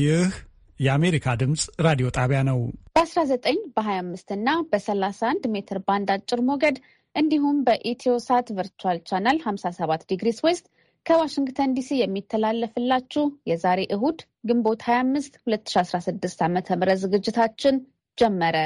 ይህ የአሜሪካ ድምፅ ራዲዮ ጣቢያ ነው። በ19 በ25 እና በ31 ሜትር ባንድ አጭር ሞገድ እንዲሁም በኢትዮሳት ቨርቹዋል ቻናል 57 ዲግሪስ ዌስት ከዋሽንግተን ዲሲ የሚተላለፍላችሁ የዛሬ እሁድ ግንቦት 25 2016 ዓ ም ዝግጅታችን ጀመረ።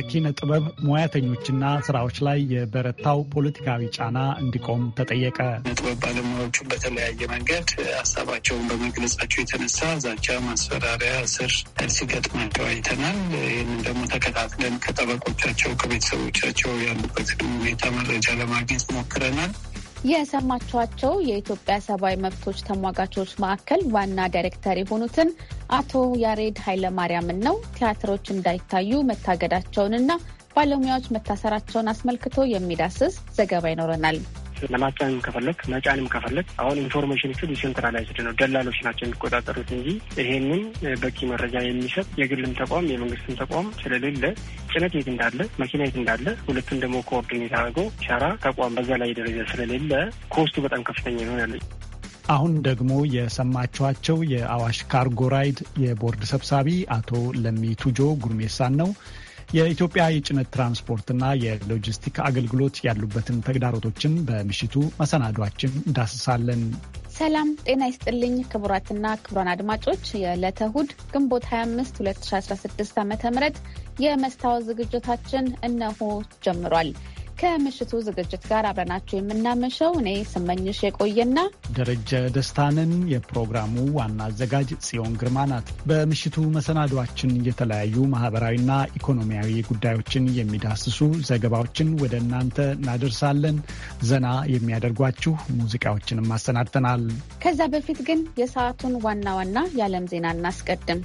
የኪነ ጥበብ ሙያተኞችና ስራዎች ላይ የበረታው ፖለቲካዊ ጫና እንዲቆም ተጠየቀ። ጥበብ ባለሙያዎቹ በተለያየ መንገድ ሀሳባቸውን በመግለጻቸው የተነሳ ዛቻ፣ ማስፈራሪያ፣ እስር ሲገጥማቸው አይተናል። ይህንን ደግሞ ተከታትለን ከጠበቆቻቸው ከቤተሰቦቻቸው ያሉበትን ሁኔታ መረጃ ለማግኘት ሞክረናል። የሰማችኋቸው የኢትዮጵያ ሰብአዊ መብቶች ተሟጋቾች ማዕከል ዋና ዳይሬክተር የሆኑትን አቶ ያሬድ ኃይለማርያምን ነው። ቲያትሮች እንዳይታዩ መታገዳቸውንና ባለሙያዎች መታሰራቸውን አስመልክቶ የሚዳስስ ዘገባ ይኖረናል። ለማጫን ከፈለግ መጫንም ከፈለግ አሁን ኢንፎርሜሽኖቹ ዲሴንትራላይዝድ ነው፣ ደላሎች ናቸው የሚቆጣጠሩት እንጂ ይሄንን በቂ መረጃ የሚሰጥ የግልም ተቋም የመንግስትም ተቋም ስለሌለ ጭነት የት እንዳለ መኪና የት እንዳለ ሁለቱን ደግሞ ኮኦርዲኔት አድርጎ ሰራ ተቋም በዛ ላይ ደረጃ ስለሌለ ኮስቱ በጣም ከፍተኛ ይሆናል። አሁን ደግሞ የሰማችኋቸው የአዋሽ ካርጎ ራይድ የቦርድ ሰብሳቢ አቶ ለሚ ቱጆ ጉርሜሳን ነው። የኢትዮጵያ የጭነት ትራንስፖርትና የሎጂስቲክ አገልግሎት ያሉበትን ተግዳሮቶችን በምሽቱ መሰናዷችን እንዳስሳለን። ሰላም ጤና ይስጥልኝ ክቡራትና ክቡራን አድማጮች የዕለተ እሁድ ግንቦት 25 2016 ዓ ም የመስታወት ዝግጅታችን እነሆ ጀምሯል። ከምሽቱ ዝግጅት ጋር አብረናችሁ የምናመሸው እኔ ስመኝሽ የቆየና ደረጀ ደስታንን፣ የፕሮግራሙ ዋና አዘጋጅ ጽዮን ግርማ ናት። በምሽቱ መሰናዷችን የተለያዩ ማህበራዊና ኢኮኖሚያዊ ጉዳዮችን የሚዳስሱ ዘገባዎችን ወደ እናንተ እናደርሳለን። ዘና የሚያደርጓችሁ ሙዚቃዎችንም አሰናድተናል። ከዛ በፊት ግን የሰዓቱን ዋና ዋና የዓለም ዜና እናስቀድም።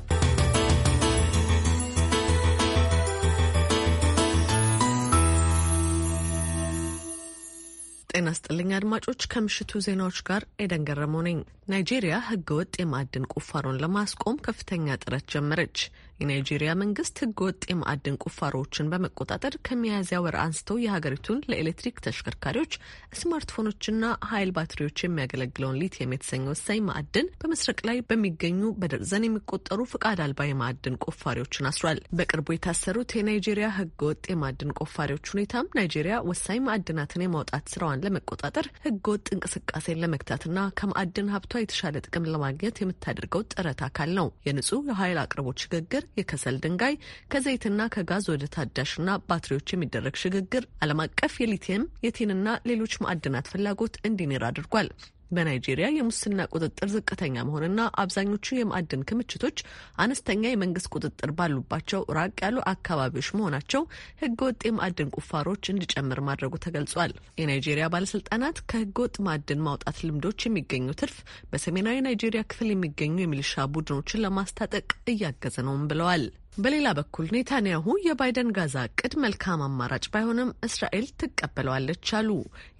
ጤና ስጥልኝ አድማጮች፣ ከምሽቱ ዜናዎች ጋር ኤደን ገረመው ነኝ። ናይጄሪያ ህገወጥ የማዕድን ቁፋሮን ለማስቆም ከፍተኛ ጥረት ጀመረች። የናይጄሪያ መንግስት ህገወጥ የማዕድን ቁፋሮዎችን በመቆጣጠር ከሚያዝያ ወር አንስተው የሀገሪቱን ለኤሌክትሪክ ተሽከርካሪዎች ስማርትፎኖችና ኃይል ባትሪዎች የሚያገለግለውን ሊቲየም የተሰኘ ወሳኝ ማዕድን በመስረቅ ላይ በሚገኙ በደርዘን የሚቆጠሩ ፍቃድ አልባ የማዕድን ቆፋሪዎችን አስሯል። በቅርቡ የታሰሩት የናይጄሪያ ህገወጥ የማዕድን ቆፋሪዎች ሁኔታም ናይጄሪያ ወሳኝ ማዕድናትን የማውጣት ስራዋን ለመቆጣጠር ህገወጥ እንቅስቃሴን ለመግታትና ከማዕድን ሀብቷ የተሻለ ጥቅም ለማግኘት የምታደርገው ጥረት አካል ነው። የንጹህ የኃይል አቅርቦት ሽግግር የከሰል ድንጋይ ከዘይትና ከጋዝ ወደ ታዳሽና ባትሪዎች የሚደረግ ሽግግር ዓለም አቀፍ የሊቲየም የቲንና ሌሎች ማዕድናት ፍላጎት እንዲኖር አድርጓል። በናይጄሪያ የሙስና ቁጥጥር ዝቅተኛ መሆንና አብዛኞቹ የማዕድን ክምችቶች አነስተኛ የመንግስት ቁጥጥር ባሉባቸው ራቅ ያሉ አካባቢዎች መሆናቸው ህገወጥ የማዕድን ቁፋሮች እንዲጨምር ማድረጉ ተገልጿል። የናይጄሪያ ባለስልጣናት ከህገወጥ ማዕድን ማውጣት ልምዶች የሚገኙ ትርፍ በሰሜናዊ ናይጄሪያ ክፍል የሚገኙ የሚሊሻ ቡድኖችን ለማስታጠቅ እያገዘ ነውም ብለዋል። በሌላ በኩል ኔታንያሁ የባይደን ጋዛ እቅድ መልካም አማራጭ ባይሆንም እስራኤል ትቀበለዋለች አሉ።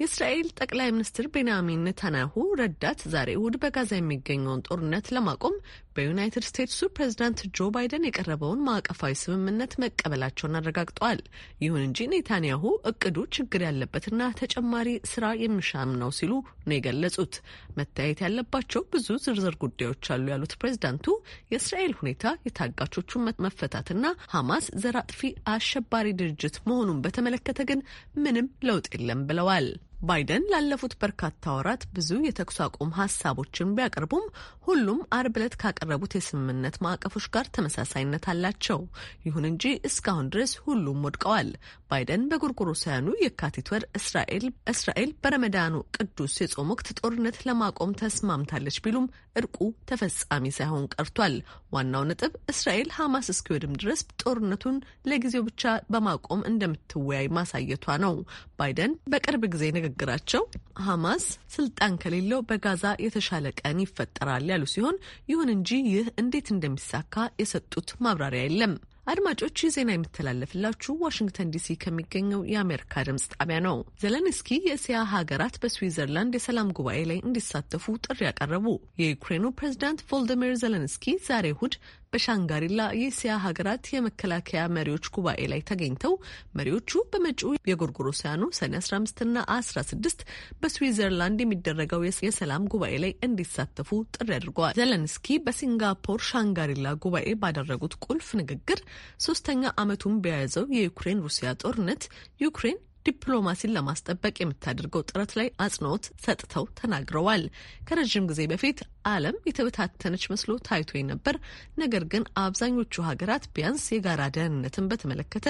የእስራኤል ጠቅላይ ሚኒስትር ቤንያሚን ኔታንያሁ ረዳት ዛሬ እሁድ በጋዛ የሚገኘውን ጦርነት ለማቆም በዩናይትድ ስቴትሱ ፕሬዚዳንት ጆ ባይደን የቀረበውን ማዕቀፋዊ ስምምነት መቀበላቸውን አረጋግጠዋል። ይሁን እንጂ ኔታንያሁ እቅዱ ችግር ያለበትና ተጨማሪ ስራ የሚሻም ነው ሲሉ ነው የገለጹት። መታየት ያለባቸው ብዙ ዝርዝር ጉዳዮች አሉ ያሉት ፕሬዚዳንቱ የእስራኤል ሁኔታ የታጋቾቹን መፈ መፈታትና ሐማስ ዘር አጥፊ አሸባሪ ድርጅት መሆኑን በተመለከተ ግን ምንም ለውጥ የለም ብለዋል። ባይደን ላለፉት በርካታ ወራት ብዙ የተኩስ አቁም ሀሳቦችን ቢያቀርቡም ሁሉም አርብ ዕለት ካቀረቡት የስምምነት ማዕቀፎች ጋር ተመሳሳይነት አላቸው። ይሁን እንጂ እስካሁን ድረስ ሁሉም ወድቀዋል። ባይደን በጎርጎሮሳውያኑ የካቲት ወር እስራኤል እስራኤል በረመዳኑ ቅዱስ የጾም ወቅት ጦርነት ለማቆም ተስማምታለች ቢሉም እርቁ ተፈጻሚ ሳይሆን ቀርቷል። ዋናው ነጥብ እስራኤል ሐማስ እስኪወድም ድረስ ጦርነቱን ለጊዜው ብቻ በማቆም እንደምትወያይ ማሳየቷ ነው። ባይደን በቅርብ ጊዜ ንግግራቸው ሐማስ ስልጣን ከሌለው በጋዛ የተሻለ ቀን ይፈጠራል ያሉ ሲሆን ይሁን እንጂ ይህ እንዴት እንደሚሳካ የሰጡት ማብራሪያ የለም። አድማጮች ይህ ዜና የምተላለፍላችሁ ዋሽንግተን ዲሲ ከሚገኘው የአሜሪካ ድምጽ ጣቢያ ነው። ዘለንስኪ የእስያ ሀገራት በስዊዘርላንድ የሰላም ጉባኤ ላይ እንዲሳተፉ ጥሪ ያቀረቡ የዩክሬኑ ፕሬዚዳንት ቮልዲሚር ዘለንስኪ ዛሬ እሁድ በሻንጋሪላ የእስያ ሀገራት የመከላከያ መሪዎች ጉባኤ ላይ ተገኝተው መሪዎቹ በመጪው የጎርጎሮሲያኑ ሰኔ 15ና 16 በስዊዘርላንድ የሚደረገው የሰላም ጉባኤ ላይ እንዲሳተፉ ጥሪ አድርገዋል። ዘለንስኪ በሲንጋፖር ሻንጋሪላ ጉባኤ ባደረጉት ቁልፍ ንግግር ሶስተኛ ዓመቱን በያዘው የዩክሬን ሩሲያ ጦርነት ዩክሬን ዲፕሎማሲን ለማስጠበቅ የምታደርገው ጥረት ላይ አጽንኦት ሰጥተው ተናግረዋል። ከረዥም ጊዜ በፊት ዓለም የተበታተነች መስሎ ታይቶ ነበር። ነገር ግን አብዛኞቹ ሀገራት ቢያንስ የጋራ ደህንነትን በተመለከተ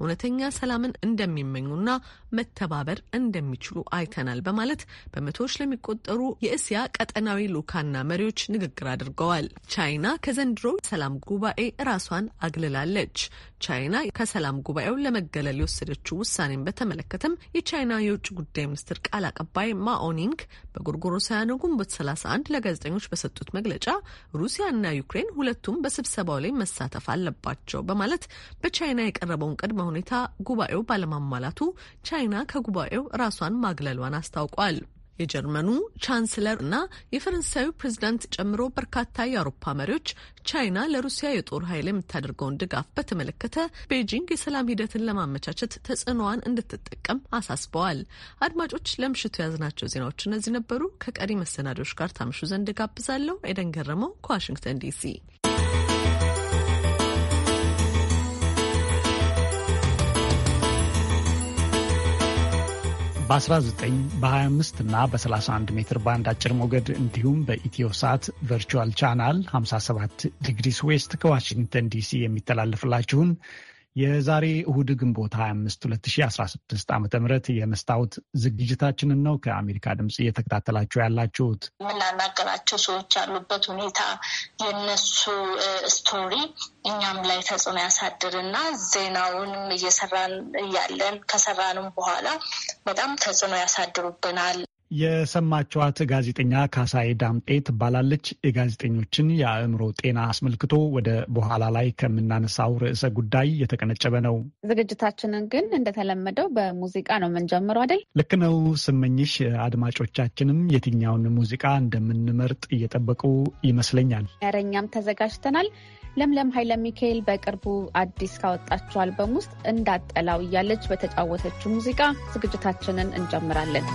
እውነተኛ ሰላምን እንደሚመኙና መተባበር እንደሚችሉ አይተናል በማለት በመቶዎች ለሚቆጠሩ የእስያ ቀጠናዊ ልኡካንና መሪዎች ንግግር አድርገዋል። ቻይና ከዘንድሮ ሰላም ጉባኤ ራሷን አግልላለች። ቻይና ከሰላም ጉባኤው ለመገለል የወሰደችው ውሳኔን በተመለከተም የቻይና የውጭ ጉዳይ ሚኒስትር ቃል አቀባይ ማኦኒንግ በጎርጎሮሳውያኑ ግንቦት 31 ለጋዜጠኞች ባለስልጣኖች በሰጡት መግለጫ ሩሲያና ዩክሬን ሁለቱም በስብሰባው ላይ መሳተፍ አለባቸው በማለት በቻይና የቀረበውን ቅድመ ሁኔታ ጉባኤው ባለማሟላቱ ቻይና ከጉባኤው ራሷን ማግለሏን አስታውቋል። የጀርመኑ ቻንስለር እና የፈረንሳዩ ፕሬዚዳንት ጨምሮ በርካታ የአውሮፓ መሪዎች ቻይና ለሩሲያ የጦር ኃይል የምታደርገውን ድጋፍ በተመለከተ ቤጂንግ የሰላም ሂደትን ለማመቻቸት ተጽዕኖዋን እንድትጠቀም አሳስበዋል። አድማጮች፣ ለምሽቱ የያዝናቸው ዜናዎች እነዚህ ነበሩ። ከቀሪ መሰናዶዎች ጋር ታምሹ ዘንድ ጋብዛለሁ። ኤደን ገረመው ከዋሽንግተን ዲሲ በ19 በ25 እና በ31 ሜትር ባንድ አጭር ሞገድ እንዲሁም በኢትዮ ሳት ቨርቹዋል ቻናል 57 ዲግሪስ ዌስት ከዋሽንግተን ዲሲ የሚተላለፍላችሁን የዛሬ እሁድ ግንቦት 25 2016 ዓ ም የመስታወት ዝግጅታችንን ነው ከአሜሪካ ድምፅ እየተከታተላችሁ ያላችሁት። የምናናገራቸው ሰዎች ያሉበት ሁኔታ የነሱ ስቶሪ እኛም ላይ ተጽዕኖ ያሳድርና ዜናውንም እየሰራን እያለን ከሰራንም በኋላ በጣም ተጽዕኖ ያሳድሩብናል። የሰማችኋት ጋዜጠኛ ካሳይ ዳምጤ ትባላለች። የጋዜጠኞችን የአእምሮ ጤና አስመልክቶ ወደ በኋላ ላይ ከምናነሳው ርዕሰ ጉዳይ የተቀነጨበ ነው። ዝግጅታችንን ግን እንደተለመደው በሙዚቃ ነው የምንጀምረው አይደል? ልክ ነው ስመኝሽ። አድማጮቻችንም የትኛውን ሙዚቃ እንደምንመርጥ እየጠበቁ ይመስለኛል። ያረኛም ተዘጋጅተናል። ለምለም ኃይለ ሚካኤል በቅርቡ አዲስ ካወጣችው አልበም ውስጥ እንዳጠላው እያለች በተጫወተችው ሙዚቃ ዝግጅታችንን እንጀምራለን።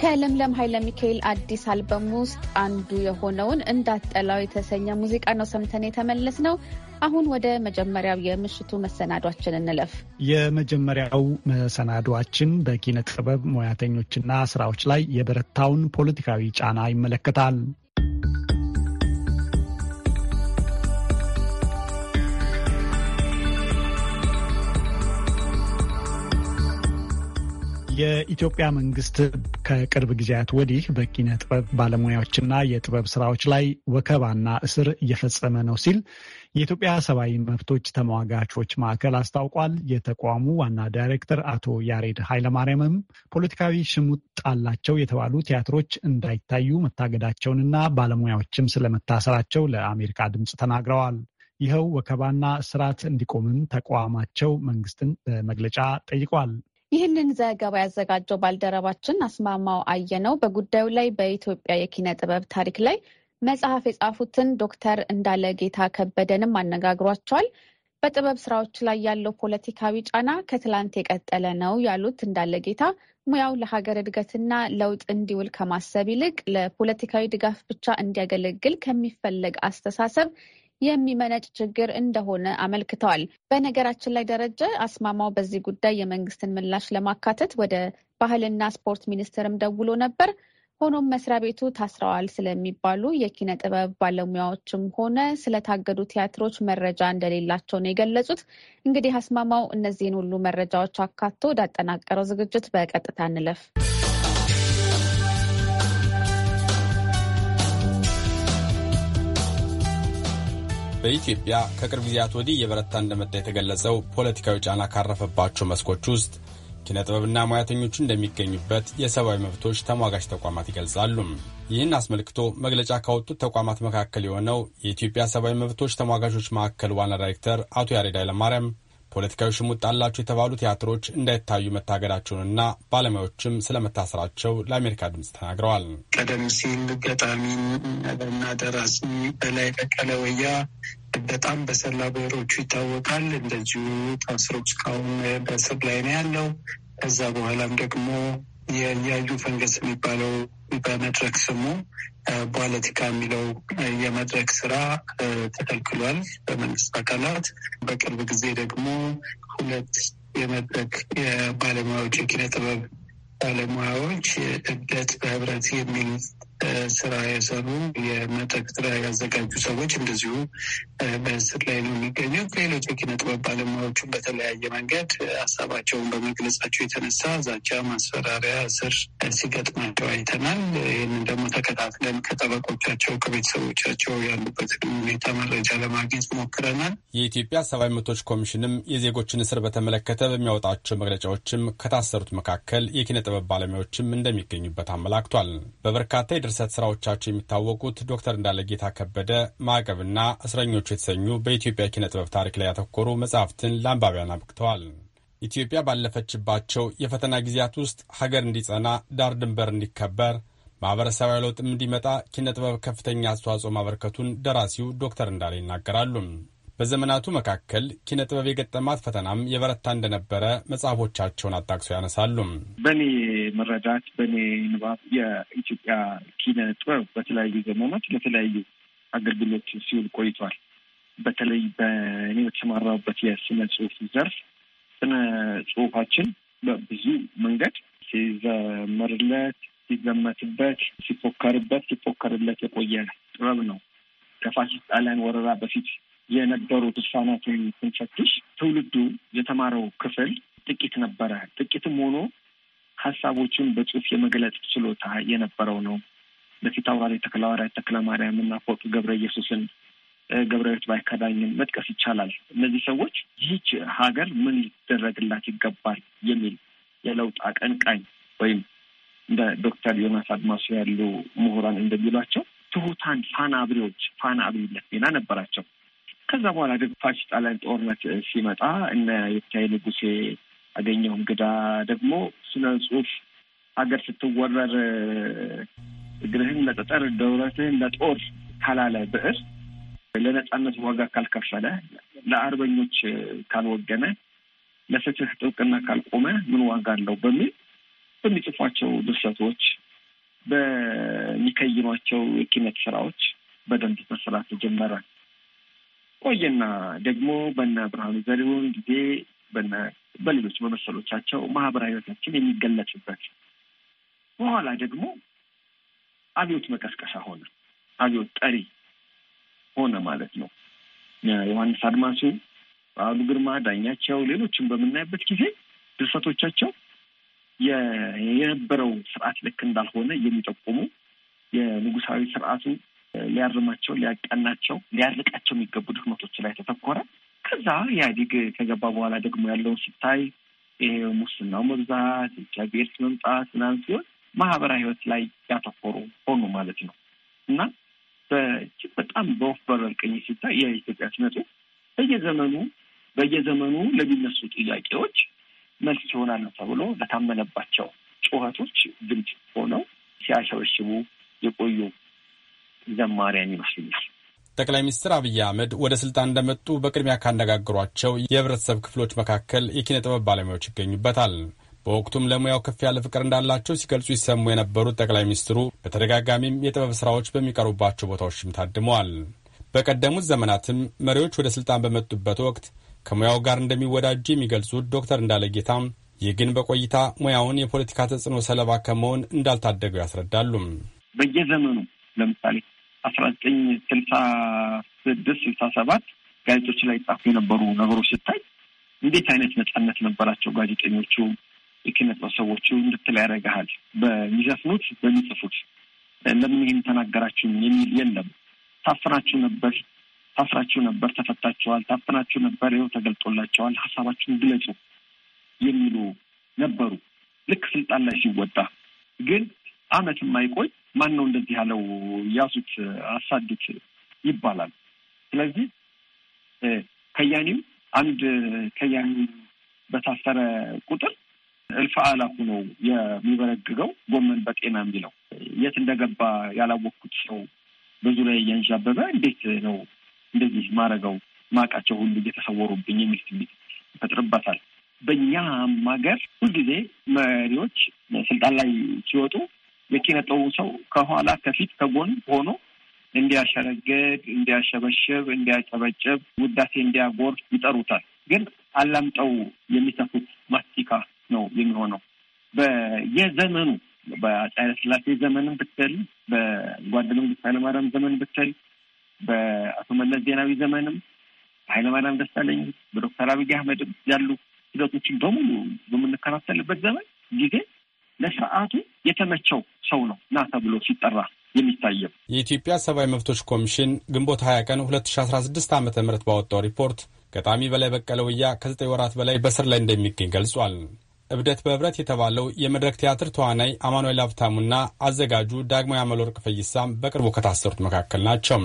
ከለምለም ኃይለ ሚካኤል አዲስ አልበም ውስጥ አንዱ የሆነውን እንዳጠላው የተሰኘ ሙዚቃ ነው ሰምተን የተመለስ ነው። አሁን ወደ መጀመሪያው የምሽቱ መሰናዷችን እንለፍ። የመጀመሪያው መሰናዷችን በኪነ ጥበብ ሙያተኞችና ስራዎች ላይ የበረታውን ፖለቲካዊ ጫና ይመለከታል። የኢትዮጵያ መንግስት ከቅርብ ጊዜያት ወዲህ በኪነ ጥበብ ባለሙያዎችና የጥበብ ስራዎች ላይ ወከባና እስር እየፈጸመ ነው ሲል የኢትዮጵያ ሰብአዊ መብቶች ተሟጋቾች ማዕከል አስታውቋል። የተቋሙ ዋና ዳይሬክተር አቶ ያሬድ ኃይለማርያምም ፖለቲካዊ ሽሙጥ አላቸው የተባሉ ቲያትሮች እንዳይታዩ መታገዳቸውንና ባለሙያዎችም ስለመታሰራቸው ለአሜሪካ ድምፅ ተናግረዋል። ይኸው ወከባና ስርዓት እንዲቆምም ተቋማቸው መንግስትን በመግለጫ ጠይቋል። ይህንን ዘገባ ያዘጋጀው ባልደረባችን አስማማው አየነው በጉዳዩ ላይ በኢትዮጵያ የኪነ ጥበብ ታሪክ ላይ መጽሐፍ የጻፉትን ዶክተር እንዳለ ጌታ ከበደንም አነጋግሯቸዋል። በጥበብ ስራዎች ላይ ያለው ፖለቲካዊ ጫና ከትላንት የቀጠለ ነው ያሉት እንዳለ ጌታ ሙያው ለሀገር እድገትና ለውጥ እንዲውል ከማሰብ ይልቅ ለፖለቲካዊ ድጋፍ ብቻ እንዲያገለግል ከሚፈለግ አስተሳሰብ የሚመነጭ ችግር እንደሆነ አመልክተዋል። በነገራችን ላይ ደረጀ አስማማው በዚህ ጉዳይ የመንግስትን ምላሽ ለማካተት ወደ ባህልና ስፖርት ሚኒስቴርም ደውሎ ነበር። ሆኖም መስሪያ ቤቱ ታስረዋል ስለሚባሉ የኪነ ጥበብ ባለሙያዎችም ሆነ ስለታገዱ ቲያትሮች መረጃ እንደሌላቸው ነው የገለጹት። እንግዲህ አስማማው እነዚህን ሁሉ መረጃዎች አካቶ ወዳጠናቀረው ዝግጅት በቀጥታ እንለፍ። በኢትዮጵያ ከቅርብ ጊዜያት ወዲህ የበረታ እንደመጣ የተገለጸው ፖለቲካዊ ጫና ካረፈባቸው መስኮች ውስጥ ኪነ ጥበብና ሙያተኞቹ እንደሚገኙበት የሰብአዊ መብቶች ተሟጋች ተቋማት ይገልጻሉ። ይህን አስመልክቶ መግለጫ ካወጡት ተቋማት መካከል የሆነው የኢትዮጵያ ሰብአዊ መብቶች ተሟጋቾች ማዕከል ዋና ዳይሬክተር አቶ ያሬድ ኃይለማርያም ፖለቲካዊ ሽሙጥ አላቸው የተባሉ ቲያትሮች እንዳይታዩ መታገዳቸውንና ባለሙያዎችም ስለመታሰራቸው ለአሜሪካ ድምፅ ተናግረዋል። ቀደም ሲል ገጣሚ እና ደራሲ በላይ በቀለ ወያ በጣም በሰላ ብሔሮቹ ይታወቃል። እንደዚሁ ታስሮ እስካሁን በስር ላይ ነው ያለው። ከዛ በኋላም ደግሞ የያዩ ፈንገስ የሚባለው በመድረክ ስሙ ፖለቲካ የሚለው የመድረክ ስራ ተከልክሏል በመንግስት አካላት። በቅርብ ጊዜ ደግሞ ሁለት የመድረክ የባለሙያዎች የኪነ ጥበብ ባለሙያዎች እብደት በህብረት የሚል ስራ የሰሩ የመጠጥ ስራ ያዘጋጁ ሰዎች እንደዚሁ በእስር ላይ ነው የሚገኙት። ሌሎች የኪነ ጥበብ ባለሙያዎቹን በተለያየ መንገድ ሀሳባቸውን በመግለጻቸው የተነሳ ዛቻ፣ ማስፈራሪያ፣ እስር ሲገጥማቸው አይተናል። ይህንን ደግሞ ተከታትለን ከጠበቆቻቸው ከቤተሰቦቻቸው ያሉበትን ሁኔታ መረጃ ለማግኘት ሞክረናል። የኢትዮጵያ ሰብአዊ መብቶች ኮሚሽንም የዜጎችን እስር በተመለከተ በሚያወጣቸው መግለጫዎችም ከታሰሩት መካከል የኪነ ጥበብ ባለሙያዎችም እንደሚገኙበት አመላክቷል። በበርካታ የድርሰት ስራዎቻቸው የሚታወቁት ዶክተር ጌታ ከበደ ማዕቀብና እስረኞቹ የተሰኙ በኢትዮጵያ ኪነ ጥበብ ታሪክ ላይ ያተኮሩ መጽሐፍትን ለአንባቢያን አብቅተዋል። ኢትዮጵያ ባለፈችባቸው የፈተና ጊዜያት ውስጥ ሀገር እንዲጸና፣ ዳር ድንበር እንዲከበር፣ ማኅበረሰባዊ ለውጥም እንዲመጣ ኪነ ጥበብ ከፍተኛ አስተዋጽኦ ማበርከቱን ደራሲው ዶክተር እንዳለ ይናገራሉ። በዘመናቱ መካከል ኪነ ጥበብ የገጠማት ፈተናም የበረታ እንደነበረ መጽሐፎቻቸውን አጣቅሰው ያነሳሉ። በእኔ መረዳት በእኔ ንባብ የኢትዮጵያ ኪነ ጥበብ በተለያዩ ዘመናት ለተለያዩ አገልግሎት ሲውል ቆይቷል። በተለይ በእኔ በተሰማራሁበት የስነ ጽሁፍ ዘርፍ ስነ ጽሁፋችን በብዙ መንገድ ሲዘመርለት፣ ሲዘመትበት፣ ሲፎከርበት፣ ሲፎከርለት የቆየ ጥበብ ነው። ከፋሲስ ጣሊያን ወረራ በፊት የነበሩ ድርሳናትን ስንፈትሽ ትውልዱ የተማረው ክፍል ጥቂት ነበረ። ጥቂትም ሆኖ ሀሳቦችን በጽሁፍ የመግለጽ ችሎታ የነበረው ነው። በፊት አውራሪ ተክለ ሐዋርያት ተክለ ማርያም እና ፎቅ ገብረ ኢየሱስን ገብረሕይወት ባይከዳኝን መጥቀስ ይቻላል። እነዚህ ሰዎች ይህች ሀገር ምን ሊደረግላት ይገባል የሚል የለውጥ አቀንቃኝ ወይም እንደ ዶክተር ዮናስ አድማሱ ያሉ ምሁራን እንደሚሏቸው ትሁታን ፋና አብሪዎች ፋና አብሪነት ሚና ነበራቸው። ከዛ በኋላ ደግሞ ፋሺ ጣሊያን ጦርነት ሲመጣ እነ የታይ ንጉሴ አገኘው እንግዳ ደግሞ ስነ ጽሁፍ ሀገር ስትወረር እግርህን ለጠጠር ደውረትህን ለጦር ካላለ ብዕር ለነጻነት ዋጋ ካልከፈለ ለአርበኞች ካልወገነ ለፍትህ ጥብቅና ካልቆመ ምን ዋጋ አለው በሚል በሚጽፏቸው ድርሰቶች፣ በሚከይኗቸው የኪነት ስራዎች በደንብ መሰራት ጀመረ። ቆየና ደግሞ በነ ብርሃኑ ዘሪሁን ጊዜ በሌሎች በመሰሎቻቸው ማህበራዊ ህይወታችን የሚገለጽበት በኋላ ደግሞ አብዮት መቀስቀሻ ሆነ፣ አብዮት ጠሪ ሆነ ማለት ነው። ዮሐንስ አድማሱ፣ በዓሉ ግርማ፣ ዳኛቸው፣ ሌሎችም በምናይበት ጊዜ ድርሰቶቻቸው የነበረው ስርዓት ልክ እንዳልሆነ የሚጠቁሙ የንጉሳዊ ስርዓቱ ሊያርማቸው፣ ሊያቀናቸው፣ ሊያርቃቸው የሚገቡ ድክመቶች ላይ ተተኮረ። ኢህአዴግ ከገባ በኋላ ደግሞ ያለውን ስታይ ይሄ ሙስናው መብዛት፣ የጃቢ እርስ መምጣት ምናምን ሲሆን ማህበራዊ ህይወት ላይ ያተኮሩ ሆኑ ማለት ነው እና በእጅግ በጣም በወፍ በረር ቅኝ ሲታይ የኢትዮጵያ ስነቱ በየዘመኑ በየዘመኑ ለሚነሱ ጥያቄዎች መልስ ይሆናል ተብሎ ለታመነባቸው ጩኸቶች ድምፅ ሆነው ሲያሸበሽቡ የቆዩ ዘማሪያን ይመስልኛል። ጠቅላይ ሚኒስትር አብይ አህመድ ወደ ስልጣን እንደመጡ በቅድሚያ ካነጋገሯቸው የህብረተሰብ ክፍሎች መካከል የኪነ ጥበብ ባለሙያዎች ይገኙበታል። በወቅቱም ለሙያው ከፍ ያለ ፍቅር እንዳላቸው ሲገልጹ ይሰሙ የነበሩት ጠቅላይ ሚኒስትሩ በተደጋጋሚም የጥበብ ስራዎች በሚቀርቡባቸው ቦታዎችም ታድመዋል። በቀደሙት ዘመናትም መሪዎች ወደ ስልጣን በመጡበት ወቅት ከሙያው ጋር እንደሚወዳጁ የሚገልጹት ዶክተር እንዳለ ጌታም ይህ ግን በቆይታ ሙያውን የፖለቲካ ተጽዕኖ ሰለባ ከመሆን እንዳልታደገው ያስረዳሉ። በየዘመኑ ለምሳሌ አስራ ዘጠኝ ስልሳ ስድስት ስልሳ ሰባት ጋዜጦች ላይ ጻፉ የነበሩ ነገሮች ስታይ እንዴት አይነት ነጻነት ነበራቸው ጋዜጠኞቹ፣ የኪነጥበብ ሰዎቹ እንድትል ያደረግሃል በሚዘፍኑት በሚጽፉት ለምን ይህን ተናገራችሁ የሚል የለም። ታፍናችሁ ነበር፣ ታፍራችሁ ነበር፣ ተፈታችኋል፣ ታፍናችሁ ነበር፣ ይኸው ተገልጦላቸዋል፣ ሀሳባችሁን ግለጹ የሚሉ ነበሩ። ልክ ስልጣን ላይ ሲወጣ ግን አመት የማይቆይ ማን ነው እንደዚህ ያለው? ያዙት፣ አሳዱት ይባላል። ስለዚህ ከያኒም አንድ ከያኒ በታሰረ ቁጥር እልፍ አላፉ ነው የሚበረግገው። ጎመን በጤና የሚለው የት እንደገባ ያላወቅኩት ሰው ብዙ ላይ እያንዣበበ እንዴት ነው እንደዚህ ማረገው ማቃቸው ሁሉ እየተሰወሩብኝ የሚል ስሜት ይፈጥርበታል። በእኛም ሀገር ሁልጊዜ መሪዎች ስልጣን ላይ ሲወጡ የኪነ ጥበቡ ሰው ከኋላ ከፊት ከጎን ሆኖ እንዲያሸረግድ፣ እንዲያሸበሽብ፣ እንዲያጨበጭብ፣ ውዳሴ እንዲያጎርፍ ይጠሩታል። ግን አላምጠው የሚሰፉት ማስቲካ ነው የሚሆነው። በየዘመኑ በአፄ ኃይለ ዘመንም ብትል፣ በጓደመንግስት ኃይለማርያም ዘመን ብትል፣ በአቶ መለስ ዜናዊ ዘመንም፣ በኃይለማርያም ደሳለኝ፣ በዶክተር አብይ አህመድም ያሉ ሂደቶችን በሙሉ በምንከታተልበት ዘመን ጊዜ ለስርዓቱ የተመቸው ሰው ነው ና ተብሎ ሲጠራ የሚታየው የኢትዮጵያ ሰብአዊ መብቶች ኮሚሽን ግንቦት ሀያ ቀን ሁለት ሺ አስራ ስድስት ባወጣው ሪፖርት ገጣሚ በላይ በቀለ ውያ ከዘጠኝ ወራት በላይ በስር ላይ እንደሚገኝ ገልጿል። እብደት በህብረት የተባለው የመድረክ ቲያትር ተዋናይ አማኑኤል ሀብታሙና አዘጋጁ ዳግማዊ አመለወርቅ ፈይሳም በቅርቡ ከታሰሩት መካከል ናቸው።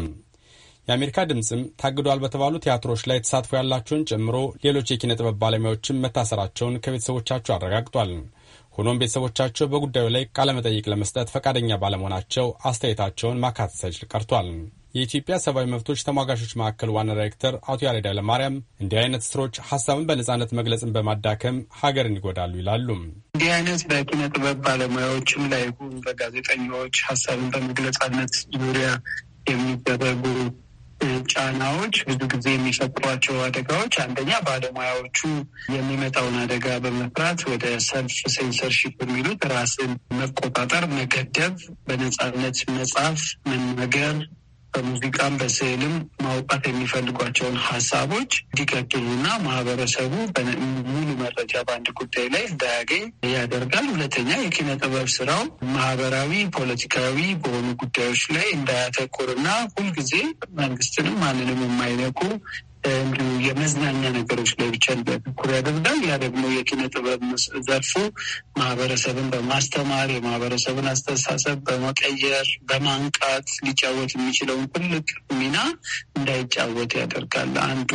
የአሜሪካ ድምፅም ታግዷል በተባሉ ቲያትሮች ላይ ተሳትፎ ያላቸውን ጨምሮ ሌሎች የኪነ ጥበብ ባለሙያዎችም መታሰራቸውን ከቤተሰቦቻቸው አረጋግጧል። ሆኖም ቤተሰቦቻቸው በጉዳዩ ላይ ቃለመጠይቅ ለመስጠት ፈቃደኛ ባለመሆናቸው አስተያየታቸውን ማካተት ሳይችል ቀርቷል። የኢትዮጵያ ሰብአዊ መብቶች ተሟጋቾች ማዕከል ዋና ዳይሬክተር አቶ ያሬድ ኃይለማርያም እንዲህ አይነት ስራዎች ሀሳብን በነጻነት መግለጽን በማዳከም ሀገርን ይጎዳሉ ይላሉ። እንዲህ አይነት በኪነ ጥበብ ባለሙያዎችም ላይ ይሁን በጋዜጠኞች ሀሳብን በመግለጽነት ዙሪያ የሚደረጉ ጫናዎች ብዙ ጊዜ የሚፈጥሯቸው አደጋዎች አንደኛ ባለሙያዎቹ የሚመጣውን አደጋ በመፍራት ወደ ሰልፍ ሴንሰርሺፕ የሚሉት ራስን መቆጣጠር፣ መገደብ፣ በነጻነት መጻፍ፣ መናገር በሙዚቃም በስዕልም ማውጣት የሚፈልጓቸውን ሀሳቦች እንዲቀጥሉና ማህበረሰቡ ሙሉ መረጃ በአንድ ጉዳይ ላይ እንዳያገኝ ያደርጋል። ሁለተኛ የኪነ ጥበብ ስራው ማህበራዊ፣ ፖለቲካዊ በሆኑ ጉዳዮች ላይ እንዳያተኩርና ሁልጊዜ መንግስትንም ማንንም የማይነኩ እንዲሁ የመዝናኛ ነገሮች ላይ ብቻ እንዲያተኩር ያደርጋል። ያ ደግሞ የኪነ ጥበብ ዘርፉ ማህበረሰብን በማስተማር የማህበረሰብን አስተሳሰብ በመቀየር በማንቃት ሊጫወት የሚችለውን ትልቅ ሚና እንዳይጫወት ያደርጋል። አንዱ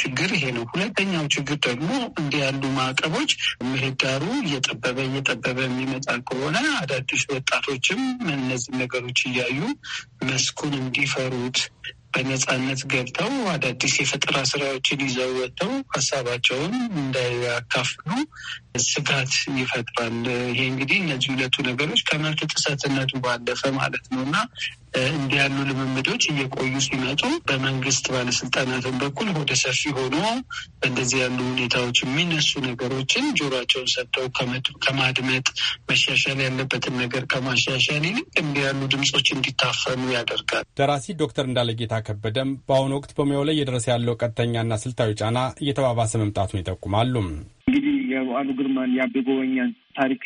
ችግር ይሄ ነው። ሁለተኛው ችግር ደግሞ እንዲህ ያሉ ማዕቀቦች ምህዳሩ እየጠበበ እየጠበበ የሚመጣ ከሆነ አዳዲስ ወጣቶችም እነዚህ ነገሮች እያዩ መስኩን እንዲፈሩት በነጻነት ገብተው አዳዲስ የፈጠራ ስራዎችን ይዘው ወጥተው ሀሳባቸውን እንዳያካፍሉ ስጋት ይፈጥራል። ይሄ እንግዲህ እነዚህ ሁለቱ ነገሮች ከመብት ጥሰትነቱ ባለፈ ማለት ነው እና እንዲህ ያሉ ልምምዶች እየቆዩ ሲመጡ በመንግስት ባለስልጣናትን በኩል ወደ ሰፊ ሆኖ በእንደዚህ ያሉ ሁኔታዎች የሚነሱ ነገሮችን ጆሯቸውን ሰጥተው ከማድመጥ መሻሻል ያለበትን ነገር ከማሻሻል ይልቅ እንዲህ ያሉ ድምፆች እንዲታፈኑ ያደርጋል። ደራሲ ዶክተር እንዳለጌታ ከበደም በአሁኑ ወቅት በሙያው ላይ እየደረሰ ያለው ቀጥተኛና ስልታዊ ጫና እየተባባሰ መምጣቱን ይጠቁማሉ። የበዓሉ ግርማን የአቤ ጎበኛን ታሪክ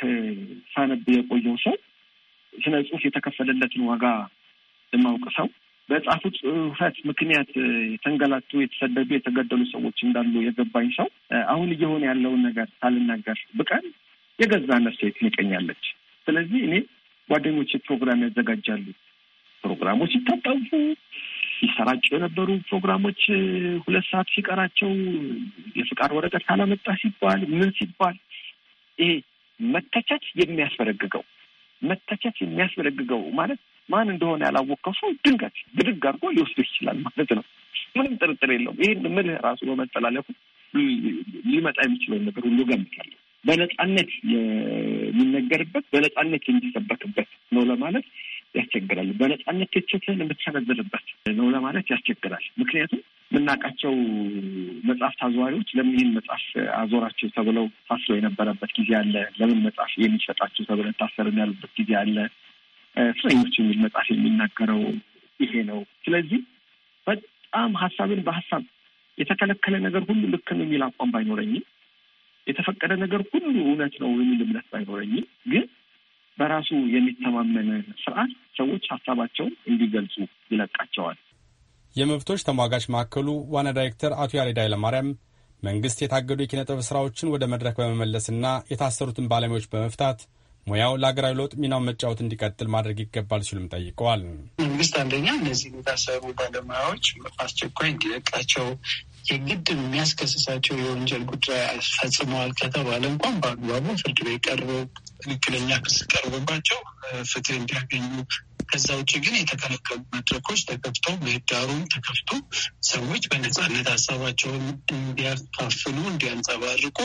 ሳነብ የቆየው ሰው ስነ ጽሁፍ የተከፈለለትን ዋጋ የማውቅ ሰው በጻፉ ጽሁፈት ምክንያት የተንገላቱ፣ የተሰደዱ፣ የተገደሉ ሰዎች እንዳሉ የገባኝ ሰው አሁን እየሆነ ያለውን ነገር ሳልናገር ብቀን የገዛ ነፍሴ ትንቀኛለች። ስለዚህ እኔ ጓደኞች ፕሮግራም ያዘጋጃሉ። ፕሮግራሞች ይታጠፉ፣ ሲሰራጩ የነበሩ ፕሮግራሞች ሁለት ሰዓት ሲቀራቸው የፍቃድ ወረቀት ካላመጣ ሲባል ምን ሲባል ይሄ መተቸት የሚያስበረግገው መተቸት የሚያስበረግገው ማለት ማን እንደሆነ ያላወቀው ሰው ድንገት ብድግ አድርጎ ሊወስዱ ይችላል ማለት ነው። ምንም ጥርጥር የለውም። ይህን ምልህ ራሱ በመጠላለፉ ሊመጣ የሚችለውን ነገር ሁሉ ገምታለሁ። በነጻነት የሚነገርበት በነጻነት የሚሰበክበት ነው ለማለት ያስቸግራል። በነጻነት ትችትህን የምትሰነዝርበት ነው ለማለት ያስቸግራል። ምክንያቱም የምናውቃቸው መጽሐፍ ታዘዋሪዎች ለምን ይህን መጽሐፍ አዞራቸው ተብለው ታስረው የነበረበት ጊዜ አለ። ለምን መጽሐፍ የሚሸጣቸው ተብለን ታሰርን ያሉበት ጊዜ አለ። እስረኞች የሚል መጽሐፍ የሚናገረው ይሄ ነው። ስለዚህ በጣም ሀሳብን በሀሳብ የተከለከለ ነገር ሁሉ ልክ ነው የሚል አቋም ባይኖረኝም የተፈቀደ ነገር ሁሉ እውነት ነው የሚል እምነት ባይኖረኝም ግን በራሱ የሚተማመን ስርዓት ሰዎች ሀሳባቸውን እንዲገልጹ ይለቃቸዋል። የመብቶች ተሟጋች ማዕከሉ ዋና ዳይሬክተር አቶ ያሬድ ኃይለማርያም መንግስት የታገዱ የኪነጥበብ ስራዎችን ወደ መድረክ በመመለስና የታሰሩትን ባለሙያዎች በመፍታት ሙያው ለሀገራዊ ለውጥ ሚናውን መጫወት እንዲቀጥል ማድረግ ይገባል ሲሉም ጠይቀዋል። መንግስት አንደኛ እነዚህ የታሰሩ ባለሙያዎች አስቸኳይ እንዲለቃቸው የግድ የሚያስከስሳቸው የወንጀል ጉዳይ ፈጽመዋል ከተባለ እንኳን በአግባቡ ፍርድ ቤት ቀርበው ትክክለኛ ክስ ቀርቦባቸው ፍትህ እንዲያገኙ ከዛ ውጭ ግን የተከለከሉ መድረኮች ተከፍቶ ምህዳሩም ተከፍቶ ሰዎች በነፃነት ሀሳባቸውን እንዲያካፍሉ እንዲያንጸባርቁ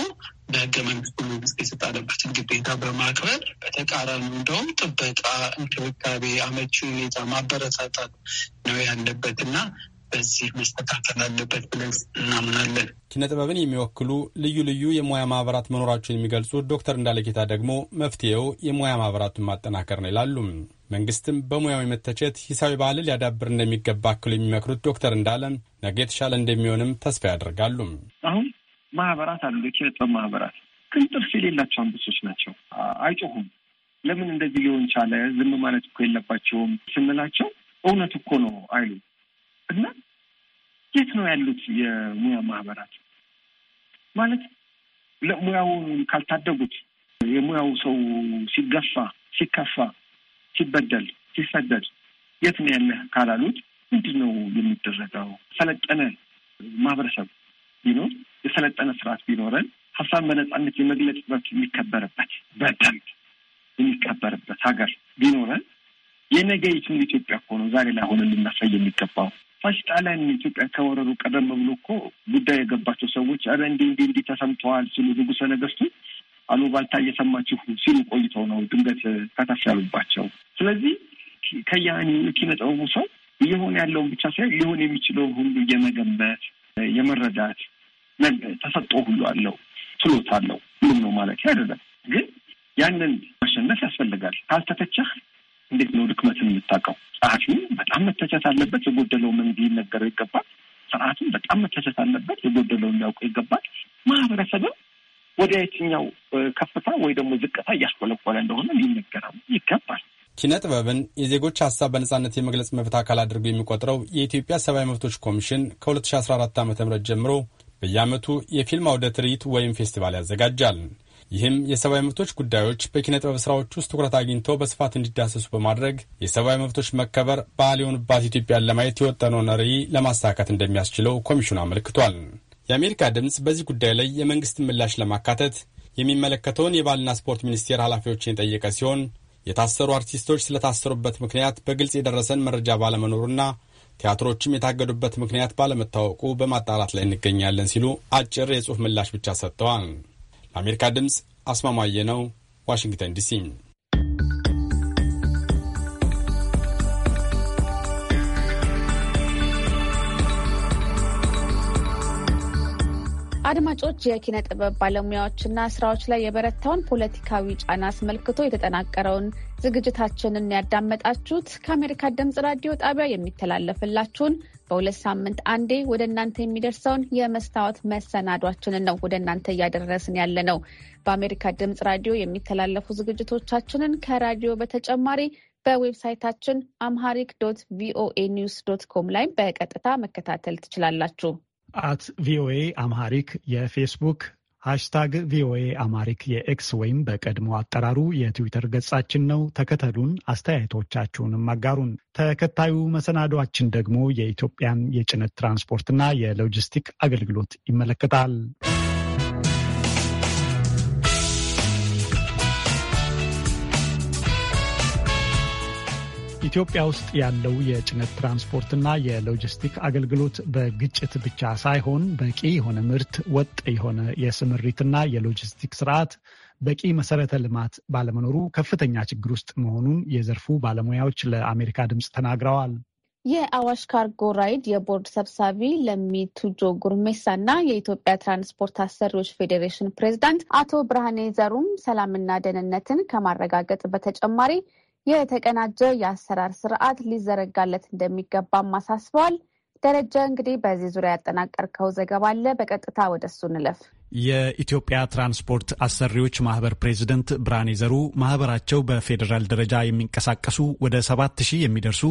በህገ መንግስቱ መንግስት የተጣለበትን ግዴታ በማክበር በተቃራኒ እንደውም ጥበቃ፣ እንክብካቤ፣ አመቺ ሁኔታ ማበረታታት ነው ያለበት እና በዚህ መስተካከል አለበት ብለን እናምናለን። ኪነ ጥበብን የሚወክሉ ልዩ ልዩ የሙያ ማህበራት መኖራቸውን የሚገልጹ ዶክተር እንዳለጌታ ደግሞ መፍትሄው የሙያ ማህበራቱን ማጠናከር ነው ይላሉ። መንግስትም በሙያዊ መተቸት ሂሳዊ ባህል ሊያዳብር እንደሚገባ አክሉ የሚመክሩት ዶክተር እንዳለም ነገ የተሻለ እንደሚሆንም ተስፋ ያደርጋሉ። አሁን ማህበራት አሉ፣ የኪነ ጥበብ ማህበራት ግን ጥርስ የሌላቸው አንበሶች ናቸው። አይጮሁም። ለምን እንደዚህ ሊሆን ቻለ? ዝም ማለት እኮ የለባቸውም ስንላቸው እውነት እኮ ነው አይሉ እና የት ነው ያሉት የሙያ ማህበራት? ማለት ሙያውን ካልታደጉት የሙያው ሰው ሲገፋ፣ ሲከፋ፣ ሲበደል፣ ሲሰደድ የት ነው ያለህ ካላሉት ምንድን ነው የሚደረገው? ሰለጠነ ማህበረሰብ ቢኖር የሰለጠነ ስርዓት ቢኖረን ሀሳብን በነፃነት የመግለጽ መብት የሚከበርበት በደንብ የሚከበርበት ሀገር ቢኖረን የነገ የትም ኢትዮጵያ እኮ ነው ዛሬ ላይ ሆነ ልናሳይ የሚገባው ፋሽ ጣሊያን ኢትዮጵያ ከወረሩ ቀደም ብሎ እኮ ጉዳይ የገባቸው ሰዎች አረ እንዲህ እንዲህ እንዲህ ተሰምተዋል ሲሉ ነገስቱ አሉ አሉባልታ እየሰማችሁ ሲሉ ቆይተው ነው ድንገት ከታች ያሉባቸው። ስለዚህ ከያኒ ኪነ ጥበቡ ሰው እየሆነ ያለውን ብቻ ሳይሆን ሊሆን የሚችለው ሁሉ የመገመት የመረዳት ተሰጥቶ ሁሉ አለው፣ ችሎታ አለው። ሁሉም ነው ማለት አይደለም፣ ግን ያንን ማሸነፍ ያስፈልጋል። ካልተተቸህ እንዴት ነው ድክመትን የምታውቀው? ጸሐፊው በጣም መተቸት አለበት፣ የጎደለው መንድ ነገረው ይገባል። ስርዓቱም በጣም መተቸት አለበት፣ የጎደለው ሊያውቀው ይገባል። ማህበረሰብም ወደ የትኛው ከፍታ ወይ ደግሞ ዝቅታ እያሽቆለቆለ እንደሆነ ሊነገረው ይገባል። ኪነ ጥበብን የዜጎች ሀሳብ በነጻነት የመግለጽ መብት አካል አድርጎ የሚቆጥረው የኢትዮጵያ ሰብአዊ መብቶች ኮሚሽን ከ2014 ዓ ም ጀምሮ በየዓመቱ የፊልም አውደ ትርኢት ወይም ፌስቲቫል ያዘጋጃል። ይህም የሰብአዊ መብቶች ጉዳዮች በኪነ ጥበብ ስራዎች ውስጥ ትኩረት አግኝቶ በስፋት እንዲዳሰሱ በማድረግ የሰብአዊ መብቶች መከበር ባህል የሆኑባት ኢትዮጵያን ለማየት የወጠነውን ራዕይ ለማሳካት እንደሚያስችለው ኮሚሽኑ አመልክቷል። የአሜሪካ ድምፅ በዚህ ጉዳይ ላይ የመንግስትን ምላሽ ለማካተት የሚመለከተውን የባህልና ስፖርት ሚኒስቴር ኃላፊዎችን የጠየቀ ሲሆን የታሰሩ አርቲስቶች ስለታሰሩበት ምክንያት በግልጽ የደረሰን መረጃ ባለመኖሩና ቲያትሮችም የታገዱበት ምክንያት ባለመታወቁ በማጣራት ላይ እንገኛለን ሲሉ አጭር የጽሑፍ ምላሽ ብቻ ሰጥተዋል። ለአሜሪካ ድምፅ አስማማየ ነው፣ ዋሽንግተን ዲሲ አድማጮች የኪነ ጥበብ ባለሙያዎችና ስራዎች ላይ የበረታውን ፖለቲካዊ ጫና አስመልክቶ የተጠናቀረውን ዝግጅታችንን ያዳመጣችሁት ከአሜሪካ ድምፅ ራዲዮ ጣቢያ የሚተላለፍላችሁን በሁለት ሳምንት አንዴ ወደ እናንተ የሚደርሰውን የመስታወት መሰናዷችንን ነው ወደ እናንተ እያደረስን ያለ ነው። በአሜሪካ ድምፅ ራዲዮ የሚተላለፉ ዝግጅቶቻችንን ከራዲዮ በተጨማሪ በዌብሳይታችን አምሃሪክ ዶት ቪኦኤ ኒውስ ዶት ኮም ላይ በቀጥታ መከታተል ትችላላችሁ። አት ቪኦኤ አምሃሪክ የፌስቡክ ሃሽታግ ቪኦኤ አማሪክ የኤክስ ወይም በቀድሞ አጠራሩ የትዊተር ገጻችን ነው። ተከተሉን፣ አስተያየቶቻችሁንም አጋሩን። ተከታዩ መሰናዷችን ደግሞ የኢትዮጵያን የጭነት ትራንስፖርትና የሎጂስቲክ አገልግሎት ይመለከታል። ኢትዮጵያ ውስጥ ያለው የጭነት ትራንስፖርትና የሎጂስቲክ አገልግሎት በግጭት ብቻ ሳይሆን በቂ የሆነ ምርት፣ ወጥ የሆነ የስምሪትና የሎጂስቲክ ስርዓት፣ በቂ መሰረተ ልማት ባለመኖሩ ከፍተኛ ችግር ውስጥ መሆኑን የዘርፉ ባለሙያዎች ለአሜሪካ ድምፅ ተናግረዋል። የአዋሽ ካርጎ ራይድ የቦርድ ሰብሳቢ ለሚቱጆ ጉርሜሳና የኢትዮጵያ ትራንስፖርት አሰሪዎች ፌዴሬሽን ፕሬዚዳንት አቶ ብርሃኔ ዘሩም ሰላምና ደህንነትን ከማረጋገጥ በተጨማሪ የተቀናጀ የአሰራር ስርዓት ሊዘረጋለት እንደሚገባም አሳስበዋል። ደረጃ እንግዲህ በዚህ ዙሪያ ያጠናቀርከው ዘገባ አለ። በቀጥታ ወደ እሱ እንለፍ። የኢትዮጵያ ትራንስፖርት አሰሪዎች ማህበር ፕሬዝደንት ብርሃኔ ዘሩ ማህበራቸው በፌዴራል ደረጃ የሚንቀሳቀሱ ወደ ሰባት ሺህ የሚደርሱ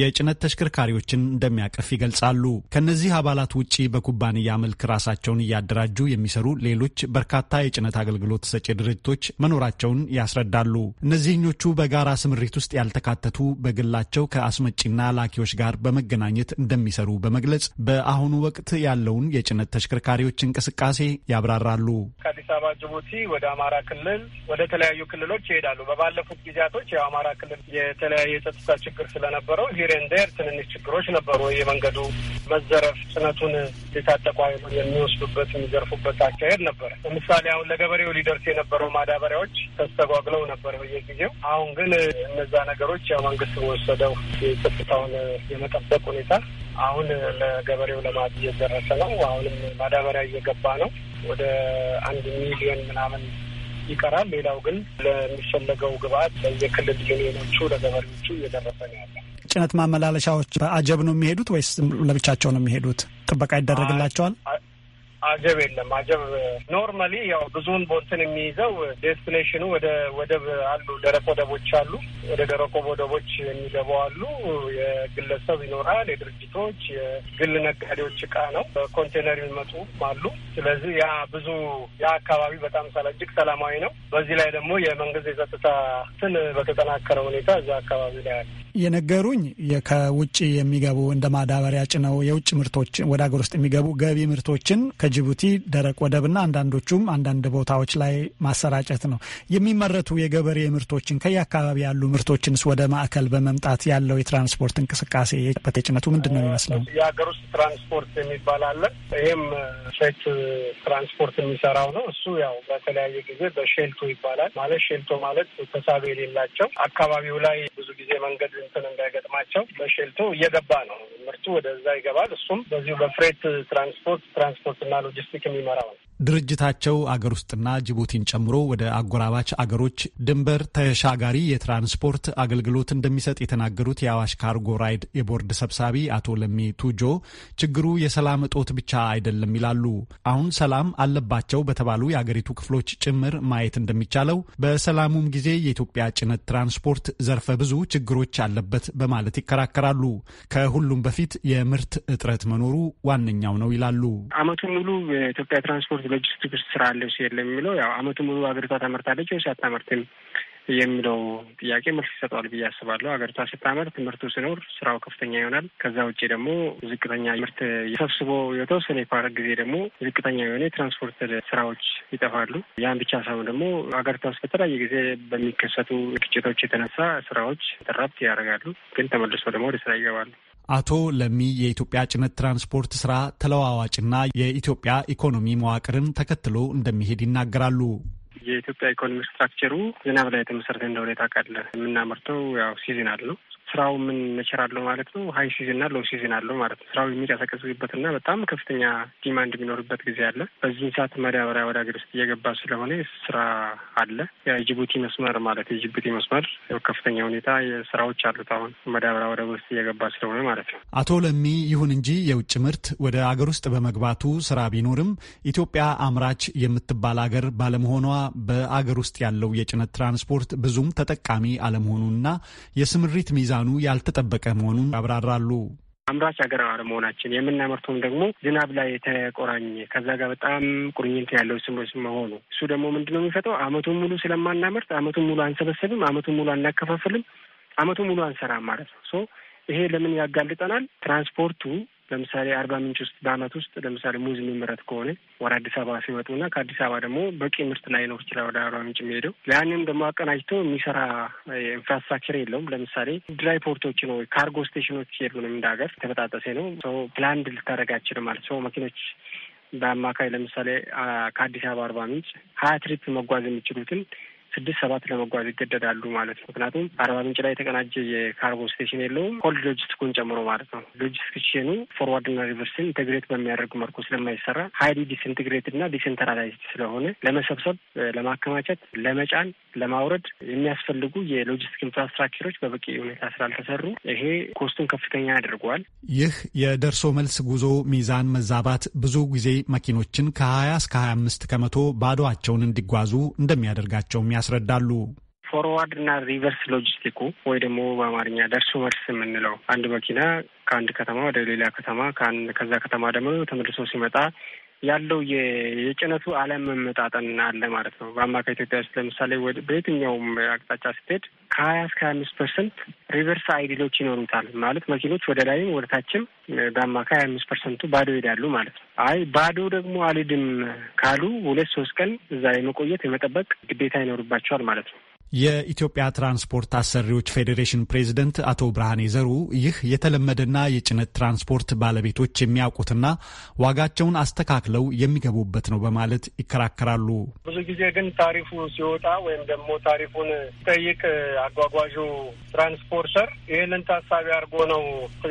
የጭነት ተሽከርካሪዎችን እንደሚያቀፍ ይገልጻሉ። ከነዚህ አባላት ውጪ በኩባንያ መልክ ራሳቸውን እያደራጁ የሚሰሩ ሌሎች በርካታ የጭነት አገልግሎት ሰጪ ድርጅቶች መኖራቸውን ያስረዳሉ። እነዚህኞቹ በጋራ ስምሪት ውስጥ ያልተካተቱ በግላቸው ከአስመጪና ላኪዎች ጋር በመገናኘት እንደሚሰሩ በመግለጽ በአሁኑ ወቅት ያለውን የጭነት ተሽከርካሪዎች እንቅስቃሴ ያብራራሉ። ከአዲስ አበባ ጅቡቲ ወደ አማራ ክልል ወደ ተለያዩ ክልሎች ይሄዳሉ። በባለፉት ጊዜያቶች የአማራ ክልል የተለያየ የጸጥታ ችግር ስለነበረው ሂሬንዴር ትንንሽ ችግሮች ነበሩ። የመንገዱ መዘረፍ፣ ጭነቱን የታጠቁ ኃይሉን የሚወስዱበት የሚዘርፉበት አካሄድ ነበረ። ለምሳሌ አሁን ለገበሬው ሊደርስ የነበረው ማዳበሪያዎች ተስተጓግለው ነበር በየጊዜው። አሁን ግን እነዛ ነገሮች ያው መንግስት በወሰደው የጸጥታውን የመጠበቅ ሁኔታ አሁን ለገበሬው ለማድ እየደረሰ ነው። አሁንም ማዳበሪያ እየገባ ነው። ወደ አንድ ሚሊዮን ምናምን ይቀራል። ሌላው ግን ለሚፈለገው ግብአት የክልል ዩኒዮኖቹ ለገበሬዎቹ እየደረሰ ነው ያለ። ጭነት ማመላለሻዎች በአጀብ ነው የሚሄዱት ወይስ ለብቻቸው ነው የሚሄዱት? ጥበቃ ይደረግላቸዋል? አጀብ የለም። አጀብ ኖርማሊ ያው ብዙውን ቦንትን የሚይዘው ዴስቲኔሽኑ ወደ ወደብ አሉ፣ ደረቅ ወደቦች አሉ። ወደ ደረቆ ወደቦች የሚገባው አሉ። የግለሰብ ይኖራል፣ የድርጅቶች፣ የግል ነጋዴዎች እቃ ነው። በኮንቴነር የሚመጡ አሉ። ስለዚህ ያ ብዙ ያ አካባቢ በጣም እጅግ ሰላማዊ ነው። በዚህ ላይ ደግሞ የመንግስት የጸጥታ ትን በተጠናከረ ሁኔታ እዛ አካባቢ ላይ አለ። የነገሩኝ ከውጭ የሚገቡ እንደ ማዳበሪያ ጭነው የውጭ ምርቶች ወደ ሀገር ውስጥ የሚገቡ ገቢ ምርቶችን ከጅቡቲ ደረቅ ወደብና አንዳንዶቹም አንዳንድ ቦታዎች ላይ ማሰራጨት ነው። የሚመረቱ የገበሬ ምርቶችን ከየአካባቢ ያሉ ምርቶችንስ ወደ ማዕከል በመምጣት ያለው የትራንስፖርት እንቅስቃሴ በተጭነቱ ምንድን ነው የሚመስለው? የሀገር ውስጥ ትራንስፖርት የሚባል አለ። ይህም ሸት ትራንስፖርት የሚሰራው ነው። እሱ ያው በተለያየ ጊዜ በሼልቶ ይባላል። ማለት ሼልቶ ማለት ተሳቢ የሌላቸው አካባቢው ላይ የመንገድ እንትን እንዳይገጥማቸው በሼልቶ እየገባ ነው ምርቱ ወደዛ ይገባል። እሱም በዚሁ በፍሬት ትራንስፖርት ትራንስፖርትና ሎጂስቲክ የሚመራው ነው። ድርጅታቸው አገር ውስጥና ጅቡቲን ጨምሮ ወደ አጎራባች አገሮች ድንበር ተሻጋሪ የትራንስፖርት አገልግሎት እንደሚሰጥ የተናገሩት የአዋሽ ካርጎ ራይድ የቦርድ ሰብሳቢ አቶ ለሚ ቱጆ ችግሩ የሰላም እጦት ብቻ አይደለም ይላሉ። አሁን ሰላም አለባቸው በተባሉ የአገሪቱ ክፍሎች ጭምር ማየት እንደሚቻለው በሰላሙም ጊዜ የኢትዮጵያ ጭነት ትራንስፖርት ዘርፈ ብዙ ችግሮች አለበት በማለት ይከራከራሉ። ከሁሉም በፊት የምርት እጥረት መኖሩ ዋነኛው ነው ይላሉ። አመቱን ሙሉ የኢትዮጵያ ትራንስፖርት ሎጂስቲክስ ስራ አለች የለም የሚለው ያው አመቱ ሙሉ ሀገሪቷ ታመርታለች ወይስ አታመርትም የሚለው ጥያቄ መልስ ይሰጠዋል ብዬ አስባለሁ። ሀገሪቷ ስታመር ትምህርቱ ሲኖር ስራው ከፍተኛ ይሆናል። ከዛ ውጭ ደግሞ ዝቅተኛ ምርት ሰብስቦ የተወሰነ የፓር ጊዜ ደግሞ ዝቅተኛ የሆነ የትራንስፖርት ስራዎች ይጠፋሉ። ያን ብቻ ሳይሆን ደግሞ ሀገሪቷ ውስጥ በተለያየ ጊዜ በሚከሰቱ ግጭቶች የተነሳ ስራዎች ተራፕት ያደርጋሉ፣ ግን ተመልሶ ደግሞ ወደ ስራ ይገባሉ። አቶ ለሚ የኢትዮጵያ ጭነት ትራንስፖርት ስራ ተለዋዋጭና የኢትዮጵያ ኢኮኖሚ መዋቅርን ተከትሎ እንደሚሄድ ይናገራሉ። የኢትዮጵያ ኢኮኖሚ ስትራክቸሩ ዝናብ ላይ የተመሰረተ እንደሆነ ታውቃለህ። የምናመርተው ያው ሲዝናል ነው። ስራው ምን መቸር አለው ማለት ነው። ሀይ ሲዝን እና ሎው ሲዝን አለው ማለት ነው። ስራው የሚንቀሳቀስበት እና በጣም ከፍተኛ ዲማንድ የሚኖርበት ጊዜ አለ። በዚህ ሰዓት መዳበሪያ ወደ ሀገር ውስጥ እየገባ ስለሆነ ስራ አለ። የጅቡቲ መስመር ማለት የጅቡቲ መስመር ከፍተኛ ሁኔታ ስራዎች አሉት። አሁን መዳበሪያ ወደ ውስጥ እየገባ ስለሆነ ማለት ነው። አቶ ለሚ፣ ይሁን እንጂ የውጭ ምርት ወደ አገር ውስጥ በመግባቱ ስራ ቢኖርም ኢትዮጵያ አምራች የምትባል አገር ባለመሆኗ በአገር ውስጥ ያለው የጭነት ትራንስፖርት ብዙም ተጠቃሚ አለመሆኑና የስምሪት ሚዛን ሚዛኑ ያልተጠበቀ መሆኑን ያብራራሉ። አምራች ሀገር አለመሆናችን የምናመርተውም ደግሞ ዝናብ ላይ የተቆራኘ ከዛ ጋር በጣም ቁርኝት ያለው ስምሮች መሆኑ እሱ ደግሞ ምንድነው የሚፈጠው አመቱን ሙሉ ስለማናመርት አመቱን ሙሉ አንሰበሰብም፣ አመቱን ሙሉ አናከፋፍልም፣ አመቱን ሙሉ አንሰራም ማለት ነው። ይሄ ለምን ያጋልጠናል? ትራንስፖርቱ ለምሳሌ አርባ ምንጭ ውስጥ በአመት ውስጥ ለምሳሌ ሙዝ የሚመረት ከሆነ ወደ አዲስ አበባ ሲመጡ እና ከአዲስ አበባ ደግሞ በቂ ምርት ላይ ነው ይችላል ወደ አርባ ምንጭ የሚሄደው። ያንም ደግሞ አቀናጅቶ የሚሰራ ኢንፍራስትራክቸር የለውም። ለምሳሌ ድራይ ፖርቶች ነው፣ ካርጎ ስቴሽኖች የሉንም። እንደ ሀገር ተበጣጠሴ ነው። ሰው ፕላንድ ልታደርግ አችልም ማለት ሰው መኪኖች በአማካይ ለምሳሌ ከአዲስ አበባ አርባ ምንጭ ሀያ ትሪፕ መጓዝ የሚችሉትን ስድስት ሰባት ለመጓዝ ይገደዳሉ ማለት ነው። ምክንያቱም አርባ ምንጭ ላይ የተቀናጀ የካርጎ ስቴሽን የለውም ሆልድ ሎጂስቲኩን ጨምሮ ማለት ነው። ሎጂስቲክ ፎርዋርድና ሪቨርስን ኢንቴግሬት በሚያደርግ መልኩ ስለማይሰራ ሀይሊ ዲስኢንቴግሬትድ እና ዲሴንትራላይዝድ ስለሆነ ለመሰብሰብ፣ ለማከማቸት፣ ለመጫን ለማውረድ የሚያስፈልጉ የሎጂስቲክ ኢንፍራስትራክቸሮች በበቂ ሁኔታ ስላልተሰሩ ይሄ ኮስቱን ከፍተኛ ያደርገዋል። ይህ የደርሶ መልስ ጉዞ ሚዛን መዛባት ብዙ ጊዜ መኪኖችን ከ20 እስከ 25 ከመቶ ባዶቸውን እንዲጓዙ እንደሚያደርጋቸውም ያስረዳሉ። ፎርዋርድ እና ሪቨርስ ሎጂስቲኩ ወይ ደግሞ በአማርኛ ደርሶ መልስ የምንለው አንድ መኪና ከአንድ ከተማ ወደ ሌላ ከተማ ከዛ ከተማ ደግሞ ተመልሶ ሲመጣ ያለው የጭነቱ አለመመጣጠን አለ ማለት ነው። በአማካይ ኢትዮጵያ ውስጥ ለምሳሌ በየትኛውም አቅጣጫ ስትሄድ ከሀያ እስከ ሀያ አምስት ፐርሰንት ሪቨርስ አይዲሎች ይኖሩታል ማለት መኪኖች ወደ ላይም ወደ ታችም በአማካይ ሀያ አምስት ፐርሰንቱ ባዶ ይሄዳሉ ማለት ነው። አይ ባዶ ደግሞ አልድም ካሉ ሁለት ሶስት ቀን እዛ የመቆየት የመጠበቅ ግዴታ ይኖርባቸዋል ማለት ነው። የኢትዮጵያ ትራንስፖርት አሰሪዎች ፌዴሬሽን ፕሬዝደንት አቶ ብርሃኔ ዘሩ ይህ የተለመደና የጭነት ትራንስፖርት ባለቤቶች የሚያውቁትና ዋጋቸውን አስተካክለው የሚገቡበት ነው በማለት ይከራከራሉ። ብዙ ጊዜ ግን ታሪፉ ሲወጣ ወይም ደግሞ ታሪፉን ሲጠይቅ አጓጓዡ ትራንስፖርተር ይህንን ታሳቢ አድርጎ ነው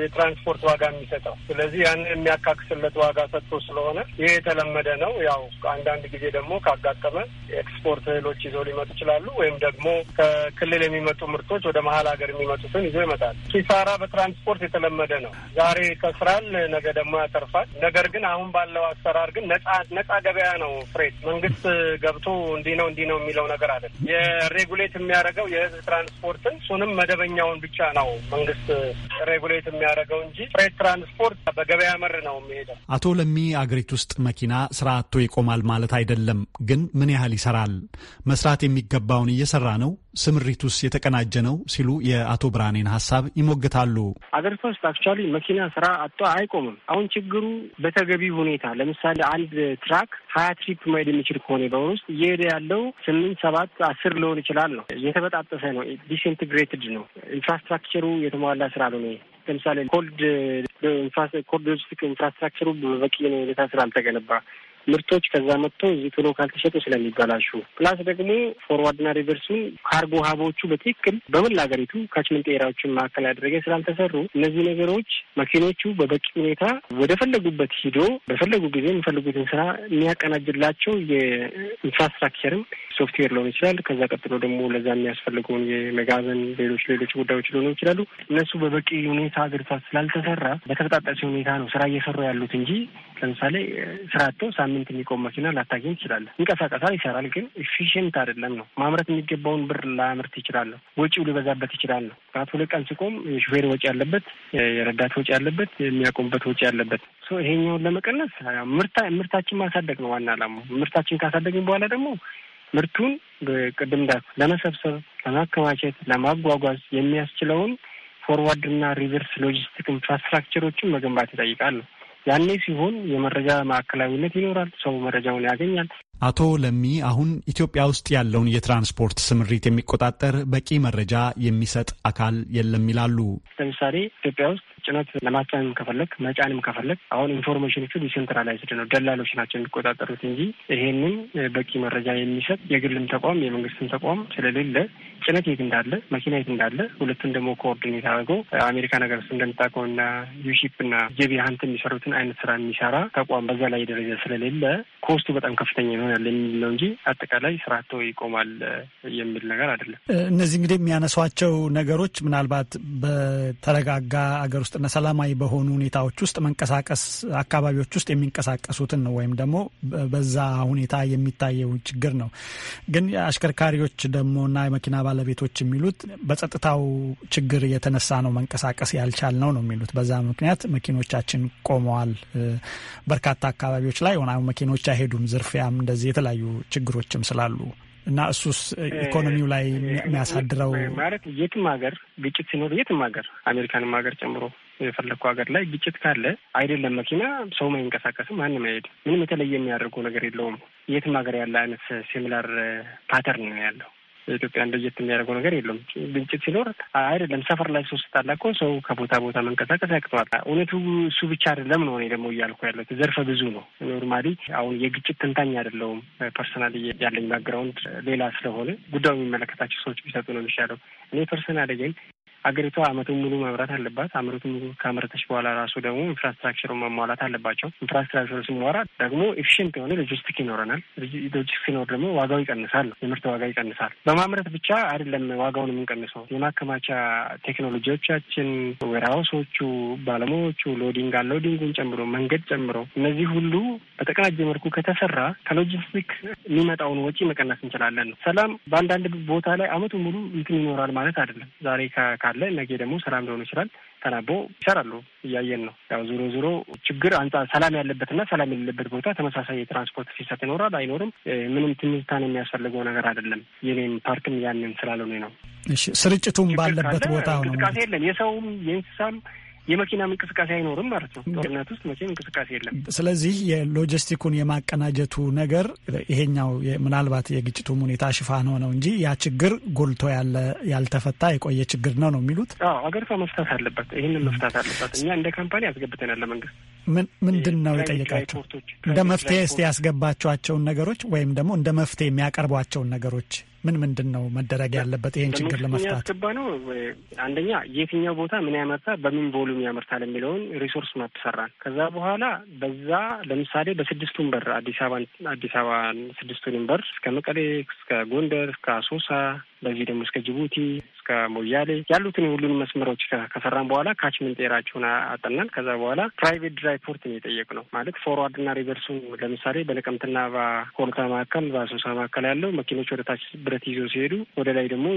የትራንስፖርት ዋጋ የሚሰጠው። ስለዚህ ያንን የሚያካክስለት ዋጋ ሰጥቶ ስለሆነ ይህ የተለመደ ነው። ያው አንዳንድ ጊዜ ደግሞ ካጋጠመ ኤክስፖርት እህሎች ይዘው ሊመጡ ይችላሉ ወይም ደግሞ ከክልል የሚመጡ ምርቶች ወደ መሀል ሀገር የሚመጡትን ይዞ ይመጣል። ኪሳራ በትራንስፖርት የተለመደ ነው። ዛሬ ከስራል ነገ ደግሞ ያተርፋል። ነገር ግን አሁን ባለው አሰራር ግን ነጻ ነጻ ገበያ ነው። ፍሬት መንግስት ገብቶ እንዲህ ነው እንዲህ ነው የሚለው ነገር አለ። የሬጉሌት የሚያደርገው የህዝብ ትራንስፖርትን እሱንም መደበኛውን ብቻ ነው መንግስት ሬጉሌት የሚያደርገው እንጂ ፍሬት ትራንስፖርት በገበያ መር ነው የሚሄደው። አቶ ለሚ አገሪቱ ውስጥ መኪና ስራ አቶ ይቆማል ማለት አይደለም፣ ግን ምን ያህል ይሰራል? መስራት የሚገባውን እየሰራ ነው ነው? ስምሪቱስ የተቀናጀ ነው? ሲሉ የአቶ ብርሃኔን ሀሳብ ይሞግታሉ። አገሪቷ ውስጥ አክቹዋሊ መኪና ስራ አጧ አይቆምም። አሁን ችግሩ በተገቢ ሁኔታ ለምሳሌ አንድ ትራክ ሀያ ትሪፕ መሄድ የሚችል ከሆነ በወር ውስጥ እየሄደ ያለው ስምንት ሰባት አስር ሊሆን ይችላል ነው። የተበጣጠሰ ነው። ዲስኢንትግሬትድ ነው። ኢንፍራስትራክቸሩ የተሟላ ስራ ነው። ለምሳሌ ኮልድ ኮልድ ሎጂስቲክ ኢንፍራስትራክቸሩ በበቂ ሁኔታ ስራ አልተገነባ ምርቶች ከዛ መጥተው እዚህ ቶሎ ካልተሸጡ ስለሚበላሹ ፕላስ ደግሞ ፎርዋርድና ሪቨርሱን ካርጎ ሀቦቹ በትክክል በመላ ሀገሪቱ ካችመንት ኤሪያዎችን ማዕከል ያደረገ ስላልተሰሩ እነዚህ ነገሮች መኪኖቹ በበቂ ሁኔታ ወደ ፈለጉበት ሂዶ በፈለጉ ጊዜ የሚፈልጉትን ስራ የሚያቀናጅላቸው የኢንፍራስትራክቸርም ሶፍትዌር ሊሆን ይችላል። ከዛ ቀጥሎ ደግሞ ለዛ የሚያስፈልገውን የመጋዘን ሌሎች ሌሎች ጉዳዮች ሊሆኑ ይችላሉ። እነሱ በበቂ ሁኔታ አገሪቷ ስላልተሰራ በተበጣጠሰ ሁኔታ ነው ስራ እየሰሩ ያሉት እንጂ ለምሳሌ ስራ አጥቶ ሳምንት የሚቆም መኪና ላታገኝ ይችላለ። ይንቀሳቀሳል፣ ይሰራል፣ ግን ኤፊሽንት አይደለም ነው ማምረት የሚገባውን ብር ላምርት ይችላል ወጪው ሊበዛበት ይችላል ነው አቶ ሁለት ቀን ሲቆም የሹፌር ወጪ ያለበት፣ የረዳት ወጪ ያለበት፣ የሚያቆምበት ወጪ ያለበት ይሄኛውን ለመቀነስ ምርታችን ማሳደግ ነው ዋና አላማው። ምርታችን ካሳደግን በኋላ ደግሞ ምርቱን ቅድም እንዳልኩ ለመሰብሰብ፣ ለማከማቸት፣ ለማጓጓዝ የሚያስችለውን ፎርዋርድ እና ሪቨርስ ሎጂስቲክ ኢንፍራስትራክቸሮችን መገንባት ይጠይቃሉ። ያኔ ሲሆን የመረጃ ማዕከላዊነት ይኖራል። ሰው መረጃውን ያገኛል። አቶ ለሚ አሁን ኢትዮጵያ ውስጥ ያለውን የትራንስፖርት ስምሪት የሚቆጣጠር በቂ መረጃ የሚሰጥ አካል የለም ይላሉ። ለምሳሌ ኢትዮጵያ ውስጥ ጭነት ለማስጫንም ከፈለግ መጫንም ከፈለግ አሁን ኢንፎርሜሽኖቹ ዲሴንትራላይዝድ ነው፣ ደላሎች ናቸው የሚቆጣጠሩት እንጂ ይሄንን በቂ መረጃ የሚሰጥ የግልም ተቋም የመንግስትም ተቋም ስለሌለ ጭነት የት እንዳለ መኪና የት እንዳለ ሁለቱን ደግሞ ኮኦርዲኔት አድርጎ አሜሪካ ነገር ውስጥ እንደምታውቀው እና ዩሺፕ እና ጄቢ ሀንት የሚሰሩትን አይነት ስራ የሚሰራ ተቋም በዛ ላይ ደረጃ ስለሌለ ኮስቱ በጣም ከፍተኛ ይሆናል የሚል ነው እንጂ አጠቃላይ ስርዓቶ ይቆማል የሚል ነገር አይደለም። እነዚህ እንግዲህ የሚያነሷቸው ነገሮች ምናልባት በተረጋጋ አገር ውስጥ ውስጥና ሰላማዊ በሆኑ ሁኔታዎች ውስጥ መንቀሳቀስ አካባቢዎች ውስጥ የሚንቀሳቀሱትን ነው ወይም ደግሞ በዛ ሁኔታ የሚታየው ችግር ነው። ግን አሽከርካሪዎች እና የመኪና ባለቤቶች የሚሉት በጸጥታው ችግር የተነሳ ነው መንቀሳቀስ ያልቻል ነው ነው የሚሉት። በዛ ምክንያት መኪኖቻችን ቆመዋል። በርካታ አካባቢዎች ላይ ሆና መኪኖች አይሄዱም። ዝርፊያም እንደዚህ የተለያዩ ችግሮችም ስላሉ እና እሱስ ኢኮኖሚው ላይ የሚያሳድረው ማለት የትም ሀገር ግጭት ሲኖር የትም ሀገር አሜሪካንም ሀገር ጨምሮ የፈለግኩ ሀገር ላይ ግጭት ካለ አይደለም መኪና ሰው አይንቀሳቀስም፣ ማንም አይሄድም። ምንም የተለየ የሚያደርገው ነገር የለውም። የትም ሀገር ያለ አይነት ሲሚላር ፓተርን ነው ያለው። ኢትዮጵያ ለየት የሚያደርገው ነገር የለም። ግጭት ሲኖር አይደለም ሰፈር ላይ ሰው ስታላ እኮ ሰው ከቦታ ቦታ መንቀሳቀስ ያቅተዋል። እውነቱ እሱ ብቻ አይደለም ነው እኔ ደግሞ እያልኩ ያለት ዘርፈ ብዙ ነው። ኖርማሊ አሁን የግጭት ትንታኝ አይደለውም ፐርሰናል ያለኝ ባግራውንድ ሌላ ስለሆነ ጉዳዩ የሚመለከታቸው ሰዎች ቢሰጡ ነው የሚሻለው። እኔ ፐርሰናል ግን አገሪቷ አመቱን ሙሉ መምራት አለባት። አመቱን ሙሉ ካመረተች በኋላ ራሱ ደግሞ ኢንፍራስትራክቸሩ መሟላት አለባቸው። ኢንፍራስትራክቸሩ ሲሟላ ደግሞ ኤፊሽንት የሆነ ሎጂስቲክ ይኖረናል። ሎጂስቲክ ሲኖር ደግሞ ዋጋው ይቀንሳል። የምርት ዋጋ ይቀንሳል። በማምረት ብቻ አይደለም ዋጋውን የምንቀንሰው። የማከማቻ ቴክኖሎጂዎቻችን፣ ዌርሃውሶቹ፣ ባለሙያዎቹ ሎዲንግ አሎዲንጉን ጨምሮ መንገድ ጨምሮ እነዚህ ሁሉ በተቀናጀ መልኩ ከተሰራ ከሎጂስቲክ የሚመጣውን ወጪ መቀነስ እንችላለን ነው። ሰላም በአንዳንድ ቦታ ላይ አመቱ ሙሉ እንትን ይኖራል ማለት አይደለም። ዛሬ አለ፣ ነገ ደግሞ ሰላም ሊሆን ይችላል። ተናቦ ይሰራሉ፣ እያየን ነው። ያው ዞሮ ዞሮ ችግር አንጻር ሰላም ያለበትና ሰላም የሌለበት ቦታ ተመሳሳይ የትራንስፖርት ፍሰት ይኖራል አይኖርም፣ ምንም ትንታን የሚያስፈልገው ነገር አይደለም። የኔም ፓርክም ያንን ስላልሆነ ነው። ስርጭቱም ባለበት ቦታ ነው እንቅስቃሴ የለም። የሰውም የእንስሳም የመኪና እንቅስቃሴ አይኖርም ማለት ነው። ጦርነት ውስጥ መቼም እንቅስቃሴ የለም። ስለዚህ የሎጂስቲኩን የማቀናጀቱ ነገር ይሄኛው ምናልባት የግጭቱም ሁኔታ ሽፋን ሆነው እንጂ ያ ችግር ጎልቶ ያለ ያልተፈታ የቆየ ችግር ነው ነው የሚሉት። አገሪቷ መፍታት አለባት፣ ይህንን መፍታት አለባት። እኛ እንደ ካምፓኒ አስገብተናል ለመንግስት። ምን ምንድን ነው የጠየቃቸው? እንደ መፍትሄ እስቲ ያስገባቸዋቸውን ነገሮች ወይም ደግሞ እንደ መፍትሄ የሚያቀርቧቸውን ነገሮች ምን ምንድን ነው መደረግ ያለበት ይህን ችግር ለመፍታት? ያስገባ ነው አንደኛ የትኛው ቦታ ምን ያመርታ በምን ቮሉም ያመርታል የሚለውን ሪሶርስ ማትሰራል። ከዛ በኋላ በዛ ለምሳሌ በስድስቱን በር አዲስ አበባን አዲስ አበባን ስድስቱንም በር እስከ መቀሌ፣ እስከ ጎንደር፣ እስከ አሶሳ በዚህ ደግሞ እስከ ጅቡቲ እስከ ሞያሌ ያሉትን ሁሉን መስመሮች ከሰራን በኋላ ካችመንት ኤራቸውን አጠናን። ከዛ በኋላ ፕራይቬት ድራይፖርት ፖርት ነው የጠየቅነው። ማለት ፎርዋርድና ሪቨርሱ ለምሳሌ በነቀምትና በኮልታ መካከል በአሶሳ መካከል ያለው መኪኖች ወደ ታች ብረት ይዘው ሲሄዱ ወደ ላይ ደግሞ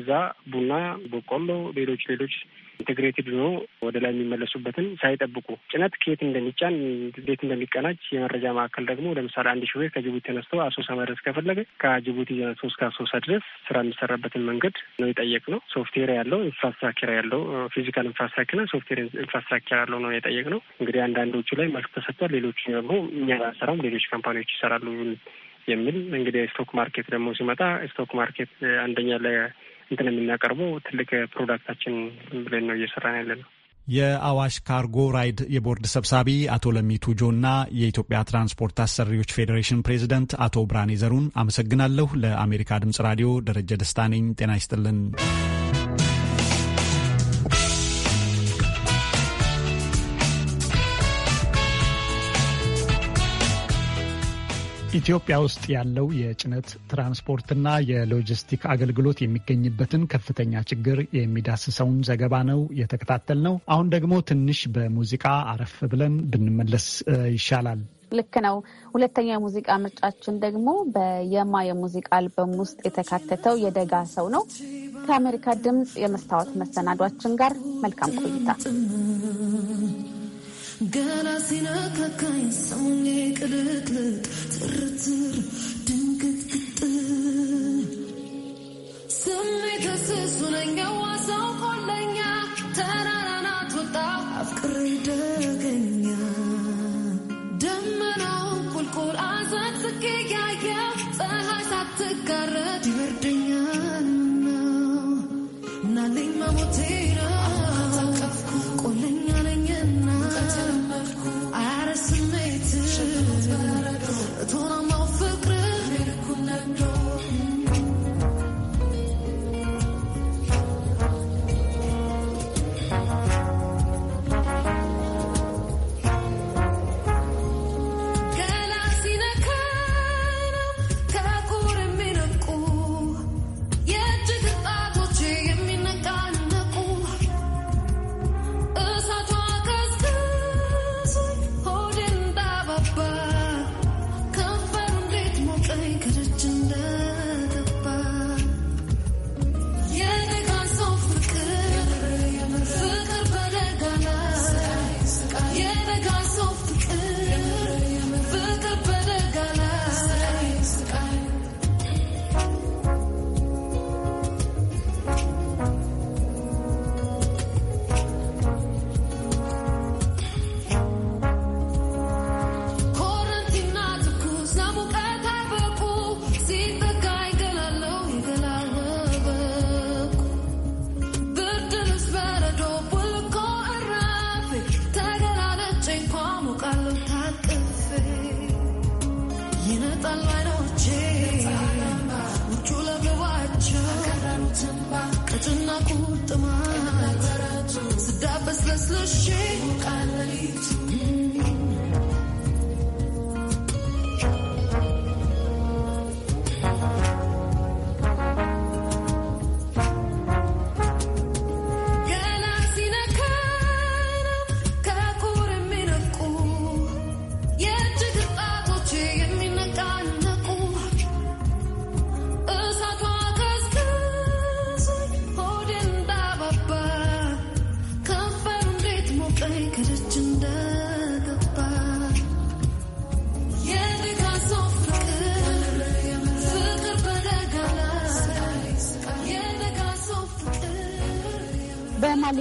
እዛ ቡና፣ በቆሎ፣ ሌሎች ሌሎች ኢንቴግሬትድ ሆኖ ወደ ላይ የሚመለሱበትን ሳይጠብቁ ጭነት ከየት እንደሚጫን እንዴት እንደሚቀናጅ የመረጃ ማዕከል ደግሞ ለምሳሌ አንድ ሹፌር ከጅቡቲ ተነስቶ አሶሳ መድረስ ከፈለገ ከጅቡቲ ጀነቶ እስከ አሶሳ ድረስ ስራ የሚሰራበትን መንገድ ነው የጠየቅነው። ሶፍትዌር ያለው ኢንፍራስትራክቸር ያለው ፊዚካል ኢንፍራስትራክቸርና ሶፍትዌር ኢንፍራስትራክቸር ያለው ነው የጠየቅነው። እንግዲህ አንዳንዶቹ ላይ መልክ ተሰጥቷል። ሌሎቹ ደግሞ እኛ አንሰራም፣ ሌሎች ካምፓኒዎች ይሰራሉ የሚል እንግዲህ ስቶክ ማርኬት ደግሞ ሲመጣ ስቶክ ማርኬት አንደኛ ላይ እንትን የምናቀርበው ትልቅ ፕሮዳክታችን ብለን ነው እየሰራን ያለ ነው። የአዋሽ ካርጎ ራይድ የቦርድ ሰብሳቢ አቶ ለሚቱ ጆና የኢትዮጵያ ትራንስፖርት አሰሪዎች ፌዴሬሽን ፕሬዚደንት አቶ ብራኔ ዘሩን አመሰግናለሁ። ለአሜሪካ ድምጽ ራዲዮ ደረጀ ደስታ ነኝ። ጤና ይስጥልን። ኢትዮጵያ ውስጥ ያለው የጭነት ትራንስፖርትና የሎጂስቲክ አገልግሎት የሚገኝበትን ከፍተኛ ችግር የሚዳስሰውን ዘገባ ነው የተከታተል ነው። አሁን ደግሞ ትንሽ በሙዚቃ አረፍ ብለን ብንመለስ ይሻላል። ልክ ነው። ሁለተኛ የሙዚቃ ምርጫችን ደግሞ በየማ የሙዚቃ አልበም ውስጥ የተካተተው የደጋ ሰው ነው። ከአሜሪካ ድምፅ የመስታወት መሰናዷችን ጋር መልካም ቆይታ ገላ ሲነካካኝ ሰሙኝ ቅልጥልጥ ትርትር ድንግጥግጥ ስሜት ስሱነኛ ዋሳው ኮለኛ ተራራናት ወጣው አፍቅሬ ደገኛ ደመናው ቁልቁል አዘን ስኬ ያየ ፀሐይ ሳትጋረድ ይበርደኛል ምነው እናለኝ መሞቴ ነው I had a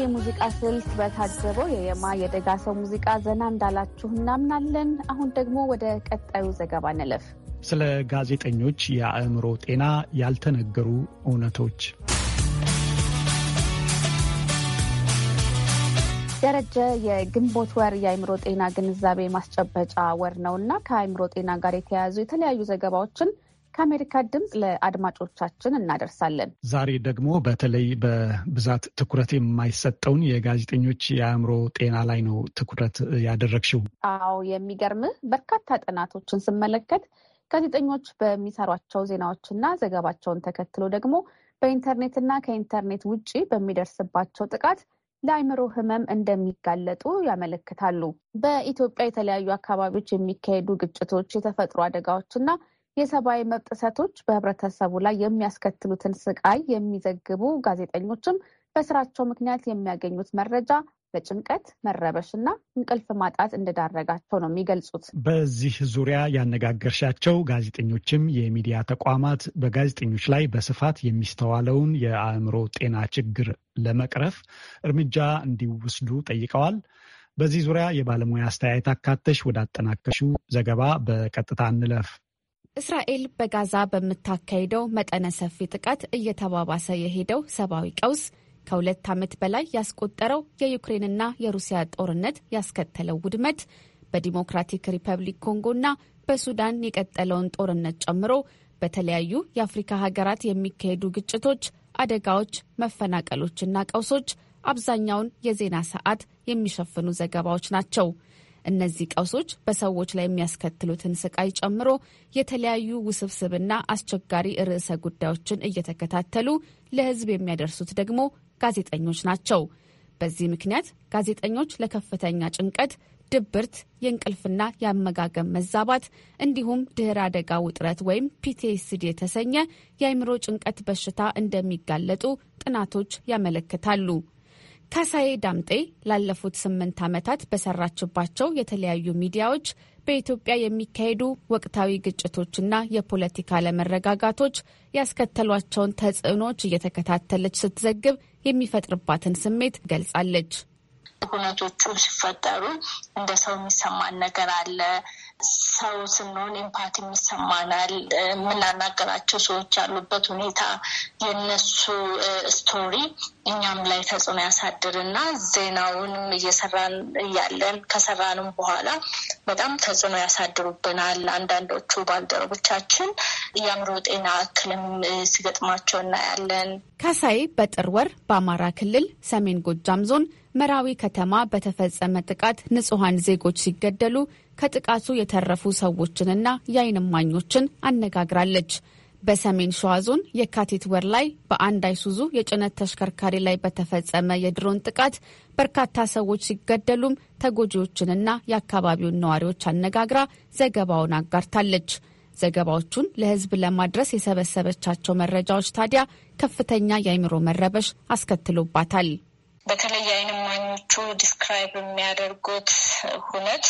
የሙዚቃ ስልት በታጀበው የየማ የደጋ ሰው ሙዚቃ ዘና እንዳላችሁ እናምናለን። አሁን ደግሞ ወደ ቀጣዩ ዘገባ ንለፍ። ስለ ጋዜጠኞች የአእምሮ ጤና ያልተነገሩ እውነቶች ደረጀ የግንቦት ወር የአእምሮ ጤና ግንዛቤ ማስጨበጫ ወር ነው እና ከአእምሮ ጤና ጋር የተያያዙ የተለያዩ ዘገባዎችን ከአሜሪካ ድምፅ ለአድማጮቻችን እናደርሳለን። ዛሬ ደግሞ በተለይ በብዛት ትኩረት የማይሰጠውን የጋዜጠኞች የአእምሮ ጤና ላይ ነው ትኩረት ያደረግሽው። አዎ የሚገርምህ በርካታ ጥናቶችን ስመለከት ጋዜጠኞች በሚሰሯቸው ዜናዎችና ዘገባቸውን ተከትሎ ደግሞ በኢንተርኔትና ከኢንተርኔት ውጭ በሚደርስባቸው ጥቃት ለአእምሮ ሕመም እንደሚጋለጡ ያመለክታሉ። በኢትዮጵያ የተለያዩ አካባቢዎች የሚካሄዱ ግጭቶች፣ የተፈጥሮ አደጋዎች እና የሰብአዊ መብት ጥሰቶች በህብረተሰቡ ላይ የሚያስከትሉትን ስቃይ የሚዘግቡ ጋዜጠኞችም በስራቸው ምክንያት የሚያገኙት መረጃ ለጭንቀት መረበሽ እና እንቅልፍ ማጣት እንደዳረጋቸው ነው የሚገልጹት። በዚህ ዙሪያ ያነጋገርሻቸው ጋዜጠኞችም የሚዲያ ተቋማት በጋዜጠኞች ላይ በስፋት የሚስተዋለውን የአእምሮ ጤና ችግር ለመቅረፍ እርምጃ እንዲወስዱ ጠይቀዋል። በዚህ ዙሪያ የባለሙያ አስተያየት አካተሽ ወዳጠናከሹ ዘገባ በቀጥታ እንለፍ። እስራኤል በጋዛ በምታካሄደው መጠነ ሰፊ ጥቃት እየተባባሰ የሄደው ሰብአዊ ቀውስ ከሁለት ዓመት በላይ ያስቆጠረው የዩክሬንና የሩሲያ ጦርነት ያስከተለው ውድመት በዲሞክራቲክ ሪፐብሊክ ኮንጎና በሱዳን የቀጠለውን ጦርነት ጨምሮ በተለያዩ የአፍሪካ ሀገራት የሚካሄዱ ግጭቶች፣ አደጋዎች፣ መፈናቀሎችና ቀውሶች አብዛኛውን የዜና ሰዓት የሚሸፍኑ ዘገባዎች ናቸው። እነዚህ ቀውሶች በሰዎች ላይ የሚያስከትሉትን ስቃይ ጨምሮ የተለያዩ ውስብስብና አስቸጋሪ ርዕሰ ጉዳዮችን እየተከታተሉ ለሕዝብ የሚያደርሱት ደግሞ ጋዜጠኞች ናቸው። በዚህ ምክንያት ጋዜጠኞች ለከፍተኛ ጭንቀት፣ ድብርት፣ የእንቅልፍና የአመጋገብ መዛባት እንዲሁም ድህረ አደጋ ውጥረት ወይም ፒቲኤስዲ የተሰኘ የአእምሮ ጭንቀት በሽታ እንደሚጋለጡ ጥናቶች ያመለክታሉ። ካሳዬ ዳምጤ ላለፉት ስምንት ዓመታት በሰራችባቸው የተለያዩ ሚዲያዎች በኢትዮጵያ የሚካሄዱ ወቅታዊ ግጭቶችና የፖለቲካ አለመረጋጋቶች ያስከተሏቸውን ተጽዕኖዎች እየተከታተለች ስትዘግብ የሚፈጥርባትን ስሜት ገልጻለች። ሁነቶቹ ሲፈጠሩ እንደ ሰው የሚሰማን ነገር አለ ሰው ስንሆን ኤምፓቲም ይሰማናል። የምናናገራቸው ሰዎች ያሉበት ሁኔታ የነሱ ስቶሪ እኛም ላይ ተጽዕኖ ያሳድርና ዜናውንም እየሰራን እያለን ከሰራንም በኋላ በጣም ተጽዕኖ ያሳድሩብናል። አንዳንዶቹ ባልደረቦቻችን የአእምሮ ጤና እክልም ሲገጥማቸው እናያለን። ከሳይ በጥር ወር በአማራ ክልል ሰሜን ጎጃም ዞን መራዊ ከተማ በተፈጸመ ጥቃት ንጹሐን ዜጎች ሲገደሉ ከጥቃቱ የተረፉ ሰዎችንና የአይን እማኞችን አነጋግራለች። በሰሜን ሸዋ ዞን የካቲት ወር ላይ በአንድ አይሱዙ የጭነት ተሽከርካሪ ላይ በተፈጸመ የድሮን ጥቃት በርካታ ሰዎች ሲገደሉም ተጎጂዎችንና የአካባቢውን ነዋሪዎች አነጋግራ ዘገባውን አጋርታለች። ዘገባዎቹን ለሕዝብ ለማድረስ የሰበሰበቻቸው መረጃዎች ታዲያ ከፍተኛ የአይምሮ መረበሽ አስከትሎባታል። በተለይ አይን እማኞቹ ዲስክራይብ የሚያደርጉት ሁነት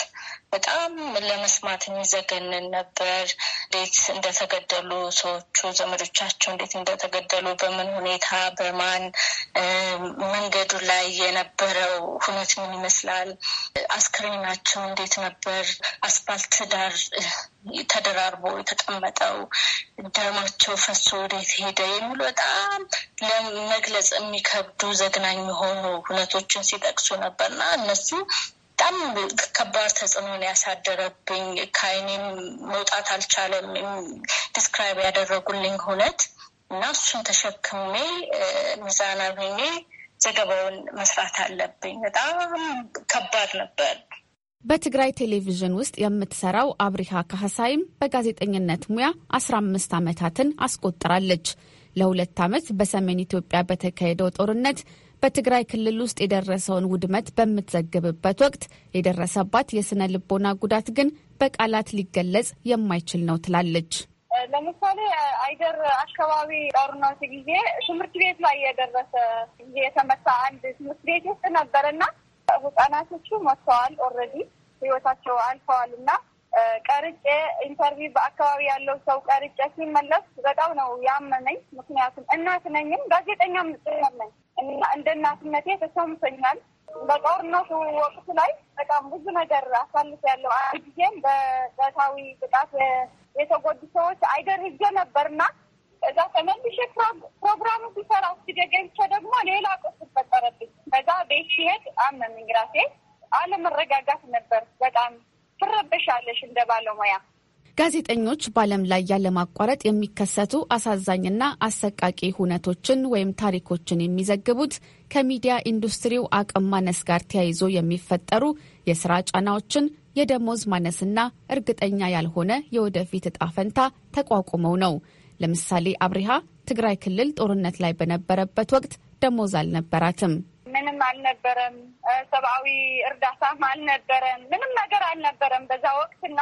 በጣም ለመስማት የሚዘገንን ነበር። እንዴት እንደተገደሉ ሰዎቹ ዘመዶቻቸው እንዴት እንደተገደሉ፣ በምን ሁኔታ፣ በማን መንገዱ ላይ የነበረው ሁነት ምን ይመስላል፣ አስክሬናቸው እንዴት ነበር፣ አስፋልት ዳር ተደራርቦ የተቀመጠው ደማቸው ፈሶ ወዴት ሄደ የሚሉ በጣም ለመግለጽ የሚከብዱ ዘግናኝ የሆኑ ሁነቶችን ሲጠቅሱ ነበርና እነሱ በጣም ከባድ ተጽዕኖን ያሳደረብኝ ከአይኔም መውጣት አልቻለም። ዲስክራይብ ያደረጉልኝ ሁነት እና እሱን ተሸክሜ ሚዛናኔ ዘገባውን መስራት አለብኝ። በጣም ከባድ ነበር። በትግራይ ቴሌቪዥን ውስጥ የምትሰራው አብሪሃ ካህሳይም በጋዜጠኝነት ሙያ 15 ዓመታትን አስቆጥራለች። ለሁለት ዓመት በሰሜን ኢትዮጵያ በተካሄደው ጦርነት በትግራይ ክልል ውስጥ የደረሰውን ውድመት በምትዘግብበት ወቅት የደረሰባት የስነ ልቦና ጉዳት ግን በቃላት ሊገለጽ የማይችል ነው ትላለች። ለምሳሌ አይደር አካባቢ ጦርነት ጊዜ ትምህርት ቤት ላይ የደረሰ ጊዜ የተመታ አንድ ትምህርት ቤት ውስጥ ነበርና ህጻናቶቹ መጥተዋል፣ ኦልሬዲ ህይወታቸው አልፈዋል እና ቀርጬ ኢንተርቪው በአካባቢ ያለው ሰው ቀርጬ ሲመለስ በጣም ነው ያመነኝ። ምክንያቱም እናት ነኝም ጋዜጠኛም ጭምር እንደ እናትነቴ ተሰምቶኛል። በጦርነቱ ወቅት ላይ በጣም ብዙ ነገር አሳልፍ ያለው አንድ ጊዜም በጾታዊ ጥቃት የተጎዱ ሰዎች አይደር ሂጄ ነበርና ከዛ ተመልሼ ፕሮግራሙ ሲሰራ ሲደገብቸ ደግሞ ሌላ ቁስ ፈጠረብኝ። ከዛ ቤት ሲሄድ አመመኝ፣ ራሴ አለመረጋጋት ነበር። በጣም ትረበሻለሽ እንደ ባለሙያ ጋዜጠኞች በዓለም ላይ ያለማቋረጥ የሚከሰቱ አሳዛኝና አሰቃቂ ሁነቶችን ወይም ታሪኮችን የሚዘግቡት ከሚዲያ ኢንዱስትሪው አቅም ማነስ ጋር ተያይዞ የሚፈጠሩ የስራ ጫናዎችን፣ የደሞዝ ማነስና እርግጠኛ ያልሆነ የወደፊት እጣ ፈንታ ተቋቁመው ነው። ለምሳሌ አብሪሃ ትግራይ ክልል ጦርነት ላይ በነበረበት ወቅት ደሞዝ አልነበራትም። ምንም አልነበረም። ሰብአዊ እርዳታም አልነበረም። ምንም ነገር አልነበረም በዛ ወቅት እና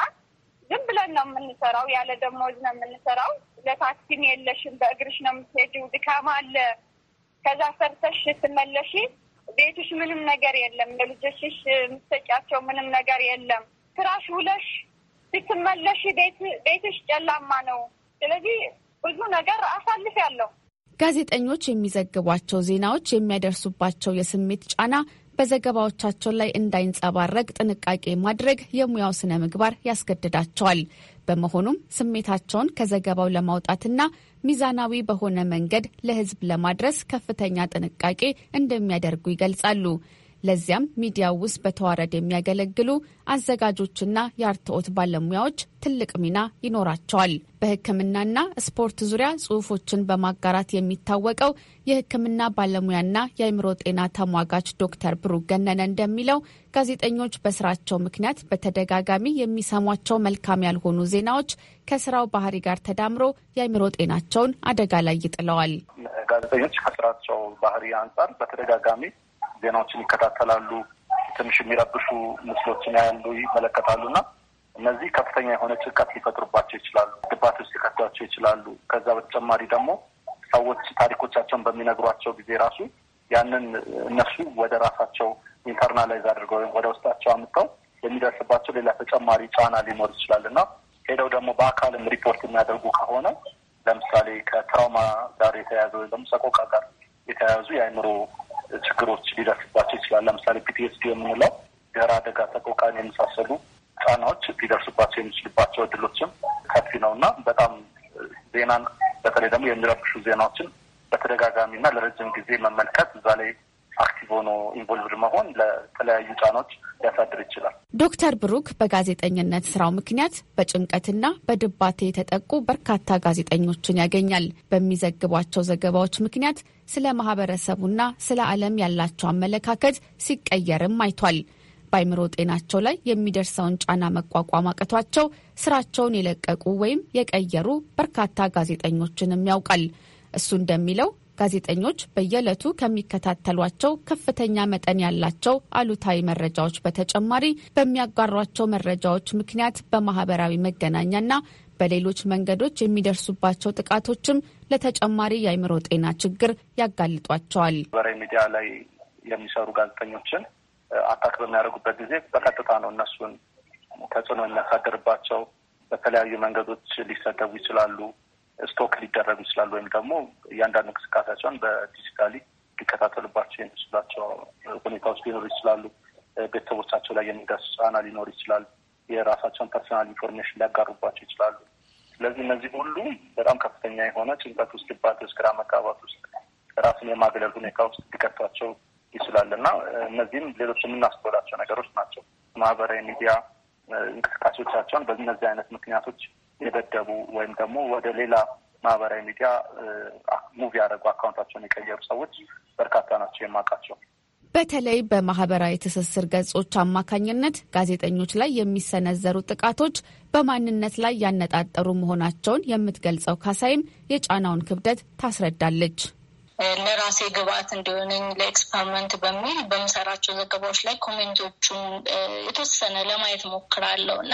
ዝም ብለን ነው የምንሰራው። ያለ ደሞዝ ነው የምንሰራው። ለታክሲም የለሽም፣ በእግርሽ ነው የምትሄጂው። ድካም አለ። ከዛ ሰርተሽ ስትመለሽ ቤትሽ ምንም ነገር የለም። ለልጆችሽ የምትሰጫቸው ምንም ነገር የለም። ትራሽ ውለሽ ስትመለሽ ቤትሽ ጨላማ ነው። ስለዚህ ብዙ ነገር ያለው። ጋዜጠኞች የሚዘግቧቸው ዜናዎች የሚያደርሱባቸው የስሜት ጫና በዘገባዎቻቸው ላይ እንዳይንጸባረቅ ጥንቃቄ ማድረግ የሙያው ስነ ምግባር ያስገድዳቸዋል። በመሆኑም ስሜታቸውን ከዘገባው ለማውጣትና ሚዛናዊ በሆነ መንገድ ለሕዝብ ለማድረስ ከፍተኛ ጥንቃቄ እንደሚያደርጉ ይገልጻሉ። ለዚያም ሚዲያው ውስጥ በተዋረድ የሚያገለግሉ አዘጋጆችና የአርትኦት ባለሙያዎች ትልቅ ሚና ይኖራቸዋል። በሕክምናና ስፖርት ዙሪያ ጽሑፎችን በማጋራት የሚታወቀው የሕክምና ባለሙያና የአእምሮ ጤና ተሟጋች ዶክተር ብሩ ገነነ እንደሚለው ጋዜጠኞች በስራቸው ምክንያት በተደጋጋሚ የሚሰሟቸው መልካም ያልሆኑ ዜናዎች ከስራው ባህሪ ጋር ተዳምሮ የአእምሮ ጤናቸውን አደጋ ላይ ይጥለዋል። ጋዜጠኞች ከስራቸው ባህሪ አንጻር በተደጋጋሚ ዜናዎችን ይከታተላሉ። ትንሽ የሚረብሹ ምስሎችን ያያሉ፣ ይመለከታሉ እና እነዚህ ከፍተኛ የሆነ ጭንቀት ሊፈጥሩባቸው ይችላሉ። ድባት ውስጥ ሊከቷቸው ይችላሉ። ከዛ በተጨማሪ ደግሞ ሰዎች ታሪኮቻቸውን በሚነግሯቸው ጊዜ ራሱ ያንን እነሱ ወደ ራሳቸው ኢንተርናላይዝ አድርገው ወይም ወደ ውስጣቸው አምጥተው የሚደርስባቸው ሌላ ተጨማሪ ጫና ሊኖር ይችላል እና ሄደው ደግሞ በአካልም ሪፖርት የሚያደርጉ ከሆነ ለምሳሌ ከትራውማ ጋር የተያያዘ ወይም ደግሞ ሰቆቃ ጋር የተያያዙ የአእምሮ ችግሮች ሊደርስባቸው ይችላል። ለምሳሌ ፒቲኤስዲ የምንለው ድህረ አደጋ ተቆቃን የመሳሰሉ ጫናዎች ሊደርስባቸው የሚችልባቸው እድሎችም ሰፊ ነው እና በጣም ዜናን በተለይ ደግሞ የሚረብሹ ዜናዎችን በተደጋጋሚ እና ለረጅም ጊዜ መመልከት እዛ ላይ አክቲቭ ሆኖ ኢንቮልቭድ መሆን ለተለያዩ ጫኖች ሊያሳድር ይችላል። ዶክተር ብሩክ በጋዜጠኝነት ስራው ምክንያት በጭንቀትና በድባቴ የተጠቁ በርካታ ጋዜጠኞችን ያገኛል። በሚዘግቧቸው ዘገባዎች ምክንያት ስለ ማህበረሰቡና ስለ ዓለም ያላቸው አመለካከት ሲቀየርም አይቷል። በአይምሮ ጤናቸው ላይ የሚደርሰውን ጫና መቋቋም አቅቷቸው ስራቸውን የለቀቁ ወይም የቀየሩ በርካታ ጋዜጠኞችንም ያውቃል። እሱ እንደሚለው ጋዜጠኞች በየዕለቱ ከሚከታተሏቸው ከፍተኛ መጠን ያላቸው አሉታዊ መረጃዎች በተጨማሪ በሚያጋሯቸው መረጃዎች ምክንያት በማህበራዊ መገናኛና በሌሎች መንገዶች የሚደርሱባቸው ጥቃቶችም ለተጨማሪ የአይምሮ ጤና ችግር ያጋልጧቸዋል። ማህበራዊ ሚዲያ ላይ የሚሰሩ ጋዜጠኞችን አታክ በሚያደርጉበት ጊዜ በቀጥታ ነው እነሱን ተጽዕኖ የሚያሳድርባቸው። በተለያዩ መንገዶች ሊሰደቡ ይችላሉ። ስቶክ ሊደረጉ ይችላል ወይም ደግሞ እያንዳንዱ እንቅስቃሴያቸውን በዲጂታሊ ሊከታተሉባቸው የሚችላቸው ሁኔታዎች ሊኖሩ ይችላሉ። ቤተሰቦቻቸው ላይ የሚደርስ ጫና ሊኖር ይችላል። የራሳቸውን ፐርሰናል ኢንፎርሜሽን ሊያጋሩባቸው ይችላሉ። ስለዚህ እነዚህ ሁሉ በጣም ከፍተኛ የሆነ ጭንቀት ውስጥ፣ ድባት ውስጥ፣ ግራ መጋባት ውስጥ፣ ራስን የማግለል ሁኔታ ውስጥ ሊከቷቸው ይችላል እና እነዚህም ሌሎች የምናስተውላቸው ነገሮች ናቸው። ማህበራዊ ሚዲያ እንቅስቃሴዎቻቸውን በእነዚህ አይነት ምክንያቶች የደደቡ ወይም ደግሞ ወደ ሌላ ማህበራዊ ሚዲያ ሙቪ ያደረጉ አካውንታቸውን የቀየሩ ሰዎች በርካታ ናቸው የማውቃቸው። በተለይ በማህበራዊ ትስስር ገጾች አማካኝነት ጋዜጠኞች ላይ የሚሰነዘሩ ጥቃቶች በማንነት ላይ ያነጣጠሩ መሆናቸውን የምትገልጸው ካሳይም የጫናውን ክብደት ታስረዳለች። ለራሴ ግብአት እንዲሆነኝ ለኤክስፐሪመንት በሚል በምሰራቸው ዘገባዎች ላይ ኮሜንቶቹን የተወሰነ ለማየት ሞክራለሁ እና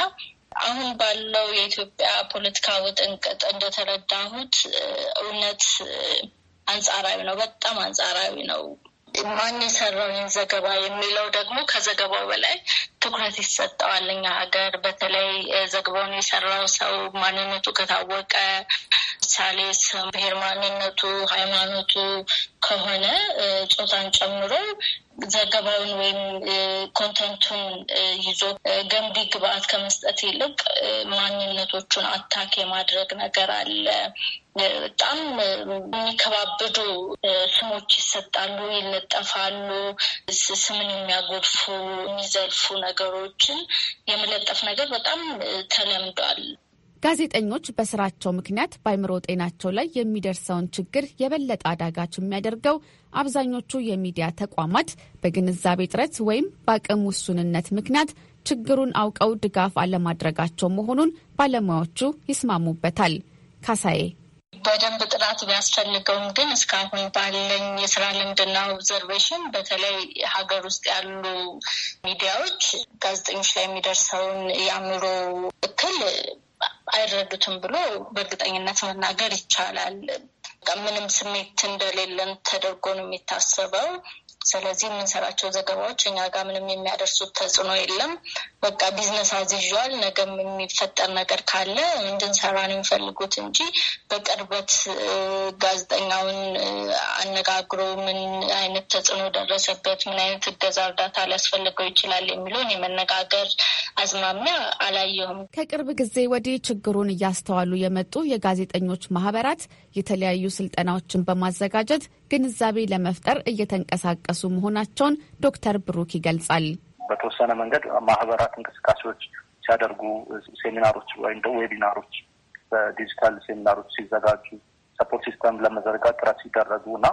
አሁን ባለው የኢትዮጵያ ፖለቲካ ውጥንቅጥ እንደተረዳሁት እውነት አንጻራዊ ነው፣ በጣም አንጻራዊ ነው። ማን የሰራውን ዘገባ የሚለው ደግሞ ከዘገባው በላይ ትኩረት ይሰጠዋል። እኛ ሀገር በተለይ ዘገባውን የሰራው ሰው ማንነቱ ከታወቀ ምሳሌ ስም፣ ብሔር፣ ማንነቱ፣ ሃይማኖቱ ከሆነ ጾታን ጨምሮ ዘገባውን ወይም ኮንተንቱን ይዞ ገንቢ ግብአት ከመስጠት ይልቅ ማንነቶቹን አታክ የማድረግ ነገር አለ። በጣም የሚከባብዱ ስሞች ይሰጣሉ፣ ይለጠፋሉ። ስምን የሚያጎድፉ የሚዘልፉ ነገሮችን የመለጠፍ ነገር በጣም ተለምዷል። ጋዜጠኞች በስራቸው ምክንያት በአይምሮ ጤናቸው ላይ የሚደርሰውን ችግር የበለጠ አዳጋች የሚያደርገው አብዛኞቹ የሚዲያ ተቋማት በግንዛቤ እጥረት ወይም በአቅም ውሱንነት ምክንያት ችግሩን አውቀው ድጋፍ አለማድረጋቸው መሆኑን ባለሙያዎቹ ይስማሙበታል። ካሳዬ በደንብ ጥናት ቢያስፈልገውም ግን እስካሁን ባለኝ የስራ ልምድና ኦብዘርቬሽን በተለይ ሀገር ውስጥ ያሉ ሚዲያዎች ጋዜጠኞች ላይ የሚደርሰውን የአእምሮ እክል አይረዱትም ብሎ በእርግጠኝነት መናገር ይቻላል። ምንም ስሜት እንደሌለን ተደርጎ ነው የሚታሰበው። ስለዚህ የምንሰራቸው ዘገባዎች እኛ ጋር ምንም የሚያደርሱት ተጽዕኖ የለም። በቃ ቢዝነስ አዝዣል ነገም የሚፈጠር ነገር ካለ እንድንሰራ ነው የሚፈልጉት እንጂ በቅርበት ጋዜጠኛውን አነጋግሮ ምን አይነት ተጽዕኖ ደረሰበት፣ ምን አይነት እገዛ፣ እርዳታ ሊያስፈልገው ይችላል የሚለውን የመነጋገር አዝማሚያ አላየሁም። ከቅርብ ጊዜ ወዲህ ችግሩን እያስተዋሉ የመጡ የጋዜጠኞች ማህበራት የተለያዩ ስልጠናዎችን በማዘጋጀት ግንዛቤ ለመፍጠር እየተንቀሳቀሱ መሆናቸውን ዶክተር ብሩክ ይገልጻል። በተወሰነ መንገድ ማህበራት እንቅስቃሴዎች ሲያደርጉ፣ ሴሚናሮች ወይም ደ ዌቢናሮች በዲጂታል ሴሚናሮች ሲዘጋጁ፣ ሰፖርት ሲስተም ለመዘርጋት ጥረት ሲደረጉ እና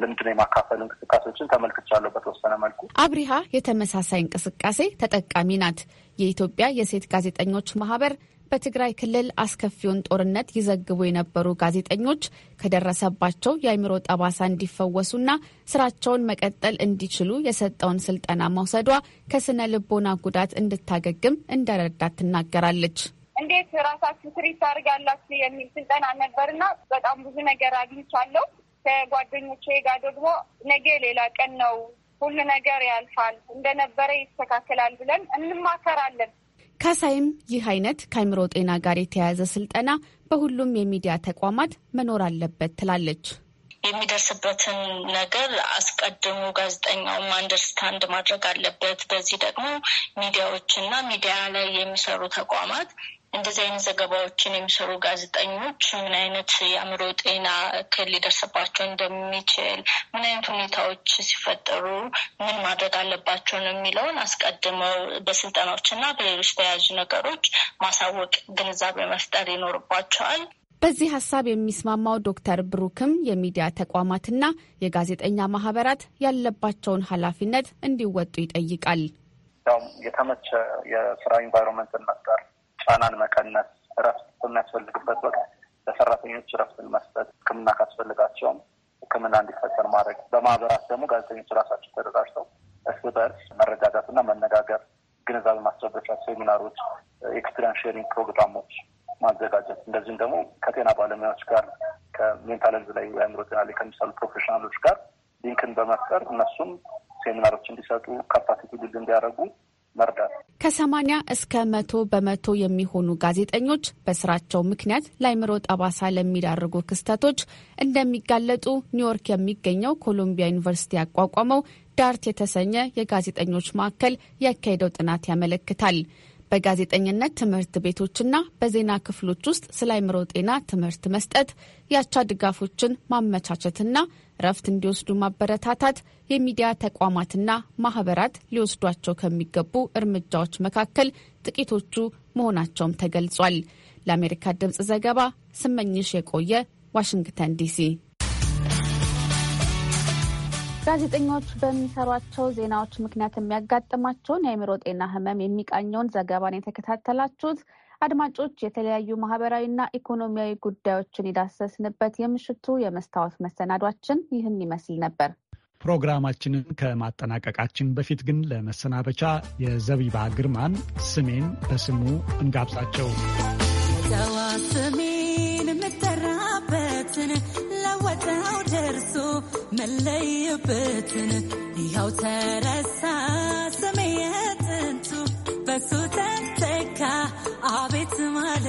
ልምድን የማካፈል እንቅስቃሴዎችን ተመልክቻለሁ። በተወሰነ መልኩ አብሪሃ የተመሳሳይ እንቅስቃሴ ተጠቃሚ ናት። የኢትዮጵያ የሴት ጋዜጠኞች ማህበር በትግራይ ክልል አስከፊውን ጦርነት ይዘግቡ የነበሩ ጋዜጠኞች ከደረሰባቸው የአእምሮ ጠባሳ እንዲፈወሱና ስራቸውን መቀጠል እንዲችሉ የሰጠውን ስልጠና መውሰዷ ከስነ ልቦና ጉዳት እንድታገግም እንደረዳት ትናገራለች። እንዴት ራሳችሁ ትሪት አድርጋላችሁ የሚል ስልጠና ነበርና በጣም ብዙ ነገር አግኝቻለሁ። ከጓደኞቼ ጋር ደግሞ ነገ ሌላ ቀን ነው፣ ሁሉ ነገር ያልፋል፣ እንደነበረ ይስተካከላል ብለን እንማከራለን። ካሳይም ይህ አይነት ከአይምሮ ጤና ጋር የተያያዘ ስልጠና በሁሉም የሚዲያ ተቋማት መኖር አለበት ትላለች። የሚደርስበትን ነገር አስቀድሞ ጋዜጠኛውም አንደርስታንድ ማድረግ አለበት። በዚህ ደግሞ ሚዲያዎች እና ሚዲያ ላይ የሚሰሩ ተቋማት እንደዚህ አይነት ዘገባዎችን የሚሰሩ ጋዜጠኞች ምን አይነት የአእምሮ ጤና እክል ሊደርስባቸው እንደሚችል፣ ምን አይነት ሁኔታዎች ሲፈጠሩ ምን ማድረግ አለባቸው ነው የሚለውን አስቀድመው በስልጠናዎች እና በሌሎች ተያያዥ ነገሮች ማሳወቅ፣ ግንዛቤ መፍጠር ይኖርባቸዋል። በዚህ ሀሳብ የሚስማማው ዶክተር ብሩክም የሚዲያ ተቋማትና የጋዜጠኛ ማህበራት ያለባቸውን ኃላፊነት እንዲወጡ ይጠይቃል። ያው የተመቸ የስራ ኢንቫይሮንመንትን መፍጠር ጫናን መቀነስ፣ እረፍት በሚያስፈልግበት ወቅት ለሰራተኞች እረፍትን መስጠት፣ ሕክምና ካስፈልጋቸውም ሕክምና እንዲፈጠን ማድረግ፣ በማህበራት ደግሞ ጋዜጠኞች ራሳቸው ተደራጅተው እርስ በእርስ መረጋጋትና መነጋገር፣ ግንዛቤ ማስጨበጫ ሴሚናሮች፣ ኤክስፒሪንስ ሼሪንግ ፕሮግራሞች ማዘጋጀት እንደዚሁም ደግሞ ከጤና ባለሙያዎች ጋር ከሜንታል ሄልዝ ላይ የአእምሮ ጤና ላይ ከሚሰሉ ፕሮፌሽናሎች ጋር ሊንክን በመፍጠር እነሱም ሴሚናሮች እንዲሰጡ ካፓሲቲ ቢልድ እንዲያደርጉ መርዳት። ከሰማኒያ እስከ መቶ በመቶ የሚሆኑ ጋዜጠኞች በስራቸው ምክንያት ለአይምሮ ጠባሳ ለሚዳርጉ ክስተቶች እንደሚጋለጡ ኒውዮርክ የሚገኘው ኮሎምቢያ ዩኒቨርሲቲ ያቋቋመው ዳርት የተሰኘ የጋዜጠኞች ማዕከል ያካሄደው ጥናት ያመለክታል። በጋዜጠኝነት ትምህርት ቤቶችና በዜና ክፍሎች ውስጥ ስለ አይምሮ ጤና ትምህርት መስጠት፣ የአቻ ድጋፎችን ማመቻቸትና እረፍት እንዲወስዱ ማበረታታት የሚዲያ ተቋማትና ማህበራት ሊወስዷቸው ከሚገቡ እርምጃዎች መካከል ጥቂቶቹ መሆናቸውም ተገልጿል። ለአሜሪካ ድምፅ ዘገባ ስመኝሽ የቆየ ዋሽንግተን ዲሲ። ጋዜጠኞች በሚሰሯቸው ዜናዎች ምክንያት የሚያጋጥማቸውን የአእምሮ ጤና ህመም የሚቃኘውን ዘገባን የተከታተላችሁት አድማጮች የተለያዩ ማህበራዊና ኢኮኖሚያዊ ጉዳዮችን የዳሰስንበት የምሽቱ የመስታወት መሰናዷችን ይህን ይመስል ነበር። ፕሮግራማችንን ከማጠናቀቃችን በፊት ግን ለመሰናበቻ የዘቢባ ግርማን ስሜን በስሙ እንጋብዛቸው። ሰዋ ስሜን የምጠራበትን ለወጣው ደርሶ መለይበትን ይኸው ተረስ አቤት ማለት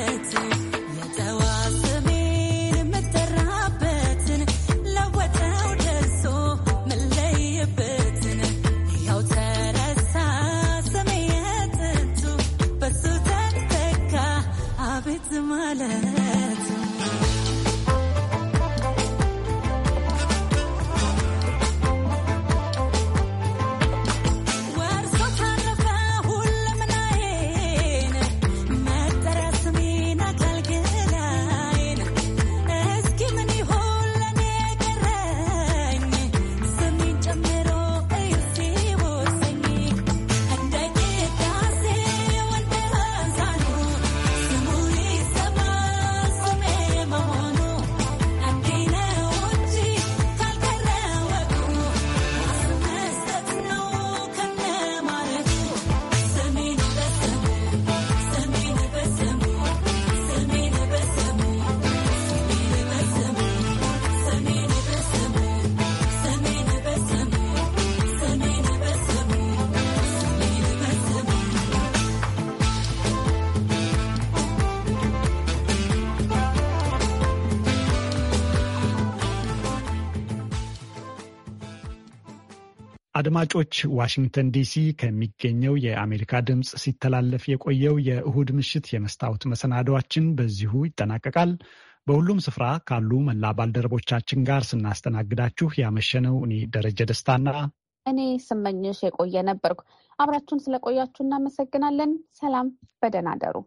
አድማጮች፣ ዋሽንግተን ዲሲ ከሚገኘው የአሜሪካ ድምፅ ሲተላለፍ የቆየው የእሁድ ምሽት የመስታወት መሰናዶችን በዚሁ ይጠናቀቃል። በሁሉም ስፍራ ካሉ መላ ባልደረቦቻችን ጋር ስናስተናግዳችሁ ያመሸነው እኔ ደረጀ ደስታና እኔ ስመኝሽ የቆየ ነበርኩ። አብራችሁን ስለቆያችሁ እናመሰግናለን። ሰላም፣ በደህና አደሩ።